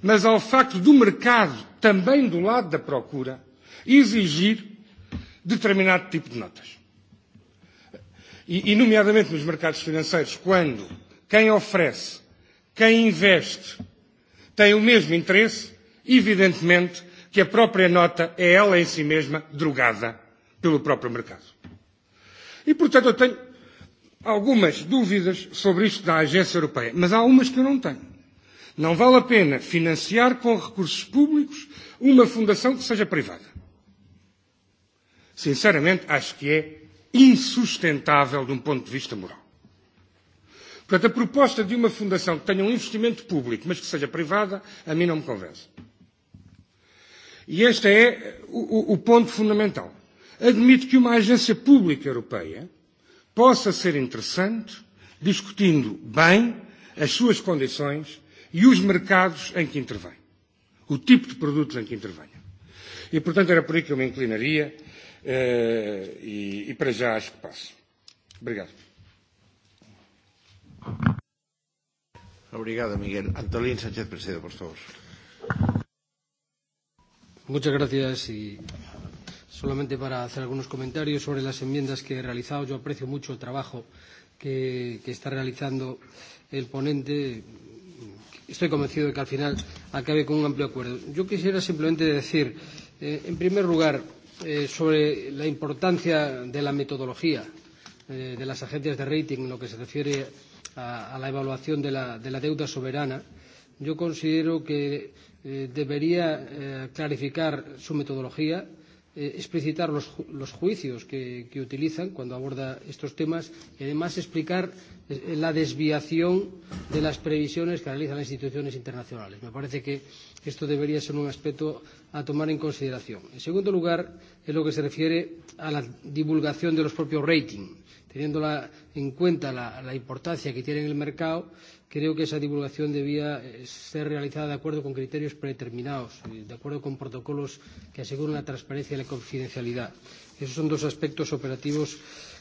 mas ao facto do mercado, também do lado da procura, exigir determinado tipo de notas. E, e nomeadamente nos mercados financeiros, quando quem oferece, quem investe, tem o mesmo interesse, evidentemente que a própria nota é ela em si mesma drogada pelo próprio mercado. E, portanto, eu tenho algumas dúvidas sobre isto da Agência Europeia, mas há umas que eu não tenho. Não vale a pena financiar com recursos públicos uma fundação que seja privada. Sinceramente, acho que é insustentável de um ponto de vista moral. Portanto, a proposta de uma fundação que tenha um investimento público, mas que seja privada, a mim não me convence. E este é o, o, o ponto fundamental. Admito que uma agência pública europeia possa ser interessante, discutindo bem as suas condições e os mercados em que intervém, o tipo de produtos em que intervenha. E, portanto, era por aí que eu me inclinaria eh, e, e para já acho que passo. Obrigado. Obrigado, Miguel. Antolín Sánchez Presidente, por favor. Muchas gracias y solamente para hacer algunos comentarios sobre las enmiendas que he realizado. Yo aprecio mucho el trabajo que, que está realizando el ponente. Estoy convencido de que al final acabe con un amplio acuerdo. Yo quisiera simplemente decir, eh, en primer lugar, eh, sobre la importancia de la metodología eh, de las agencias de rating en lo que se refiere a, a la evaluación de la, de la deuda soberana, yo considero que eh, debería eh, clarificar su metodología eh, explicitar los, ju los juicios que, que utilizan cuando aborda estos temas y además explicar eh, la desviación de las previsiones que realizan las instituciones internacionales. Me parece que esto debería ser un aspecto a tomar en consideración. En segundo lugar, es lo que se refiere a la divulgación de los propios ratings, teniendo la, en cuenta la, la importancia que tiene en el mercado creo que esa divulgación debía eh, ser realizada de acuerdo con criterios predeterminados, eh, de acuerdo con protocolos que aseguren la transparencia y la confidencialidad. Esos son dos aspectos operativos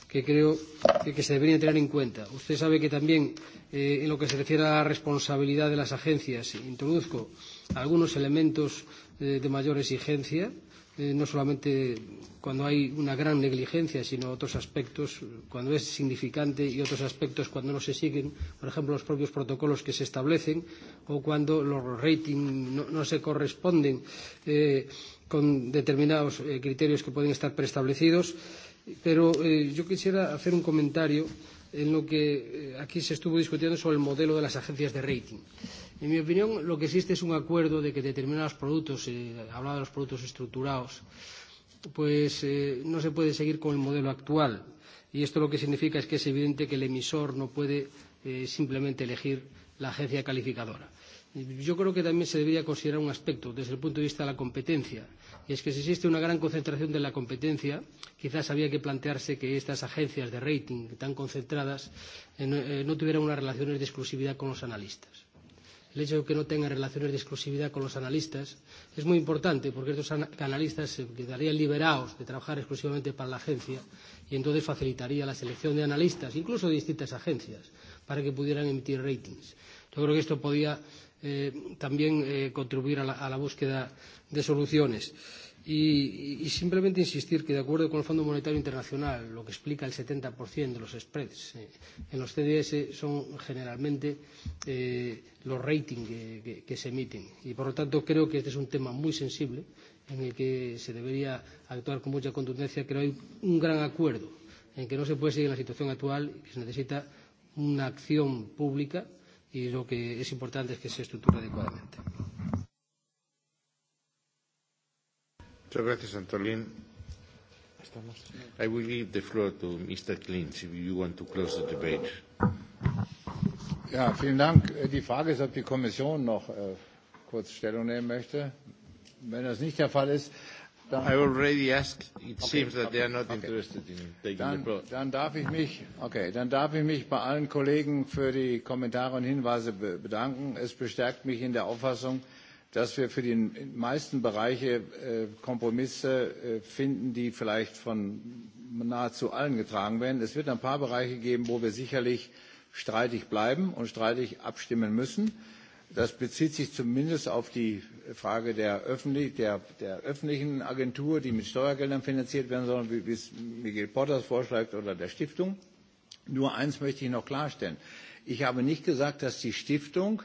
que creo que, que se deberían tener en cuenta. Usted sabe que también, eh, en lo que se refiere a la responsabilidad de las agencias, introduzco algunos elementos eh, de mayor exigencia Eh, no solamente cuando hay una gran negligencia, sino otros aspectos, cuando es significante y otros aspectos cuando no se siguen, por ejemplo, los propios protocolos que se establecen o cuando los ratings no, no se corresponden eh, con determinados eh, criterios que pueden estar preestablecidos. Pero eh, yo quisiera hacer un comentario en lo que eh, aquí se estuvo discutiendo sobre el modelo de las agencias de rating. Eh, En mi opinión, lo que existe es un acuerdo de que determinados productos, eh, hablaba de los productos estructurados, pues eh, no se puede seguir con el modelo actual. Y esto lo que significa es que es evidente que el emisor no puede eh, simplemente elegir la agencia calificadora. Yo creo que también se debería considerar un aspecto desde el punto de vista de la competencia, y es que si existe una gran concentración de la competencia, quizás había que plantearse que estas agencias de rating tan concentradas eh, no, eh, no tuvieran unas relaciones de exclusividad con los analistas el hecho de que no tengan relaciones de exclusividad con los analistas es muy importante porque estos analistas se quedarían liberados de trabajar exclusivamente para la agencia y entonces facilitaría la selección de analistas, incluso de distintas agencias, para que pudieran emitir ratings. Yo creo que esto podía eh, también eh, contribuir a la, a la búsqueda de soluciones. Eh, Y, y simplemente insistir que de acuerdo con el Fondo Monetario Internacional, lo que explica el 70% de los spreads eh, en los CDS son generalmente eh, los ratings que, que, que se emiten. Y por lo tanto creo que este es un tema muy sensible en el que se debería actuar con mucha contundencia. Creo que hay un gran acuerdo en que no se puede seguir en la situación actual, y que se necesita una acción pública y lo que es importante es que se estructure adecuadamente. Muchas gracias, I will leave the floor to Mr. Klintz if you want to close the debate. Ja, vielen Dank. Äh, die Frage ist, ob die Kommission noch äh, kurz Stellung nehmen möchte. Wenn das nicht der Fall ist, dann... I already asked. It okay, seems that okay, they are not okay. interested in taking dann, the floor. Dann darf, ich mich, okay, dann darf ich mich bei allen Kollegen für die Kommentare und Hinweise bedanken. Es bestärkt mich in der Auffassung, äh, dass wir für die meisten Bereiche äh, Kompromisse äh, finden, die vielleicht von nahezu allen getragen werden. Es wird ein paar Bereiche geben, wo wir sicherlich streitig bleiben und streitig abstimmen müssen. Das bezieht sich zumindest auf die Frage der, öffentlich, der, der öffentlichen Agentur, die mit Steuergeldern finanziert werden soll, wie, es Miguel Potters vorschlägt, oder der Stiftung. Nur eins möchte ich noch klarstellen. Ich habe nicht gesagt, dass die Stiftung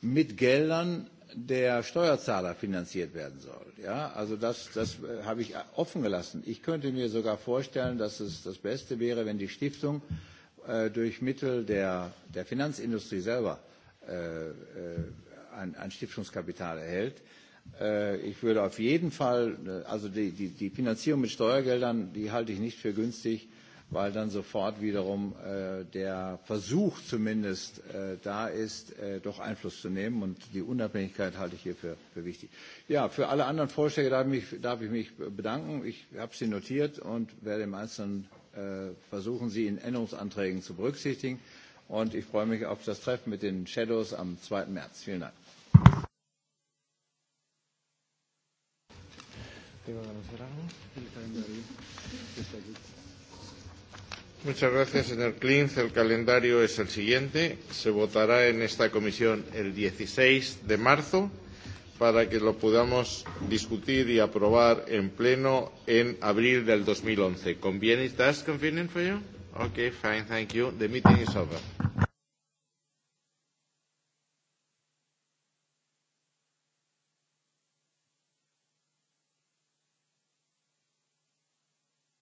mit Geldern der Steuerzahler finanziert werden soll. Ja, also das, das habe ich offen gelassen. Ich könnte mir sogar vorstellen, dass es das Beste wäre, wenn die Stiftung äh, durch Mittel der, der Finanzindustrie selber äh, äh ein, ein Stiftungskapital erhält. Äh, ich würde auf jeden Fall, äh, also die, die, die Finanzierung mit Steuergeldern, die halte ich nicht für günstig. Äh, weil dann sofort wiederum äh, der Versuch zumindest äh, da ist, äh, doch Einfluss zu nehmen. Und die Unabhängigkeit halte ich hier für, für wichtig. Ja, für alle anderen Vorschläge darf ich mich, darf ich mich bedanken. Ich habe sie notiert und werde im Einzelnen äh, versuchen, sie in Änderungsanträgen zu berücksichtigen. Und ich freue mich auf das Treffen mit den Shadows am 2. März. Vielen Dank. Prima Muchas gracias, señor Klintz. El calendario es el siguiente. Se votará en esta comisión el 16 de marzo para que lo podamos discutir y aprobar en pleno en abril del 2011. ¿Conviene? ¿Estás conviene for you? Okay, fine, thank you. The meeting is over.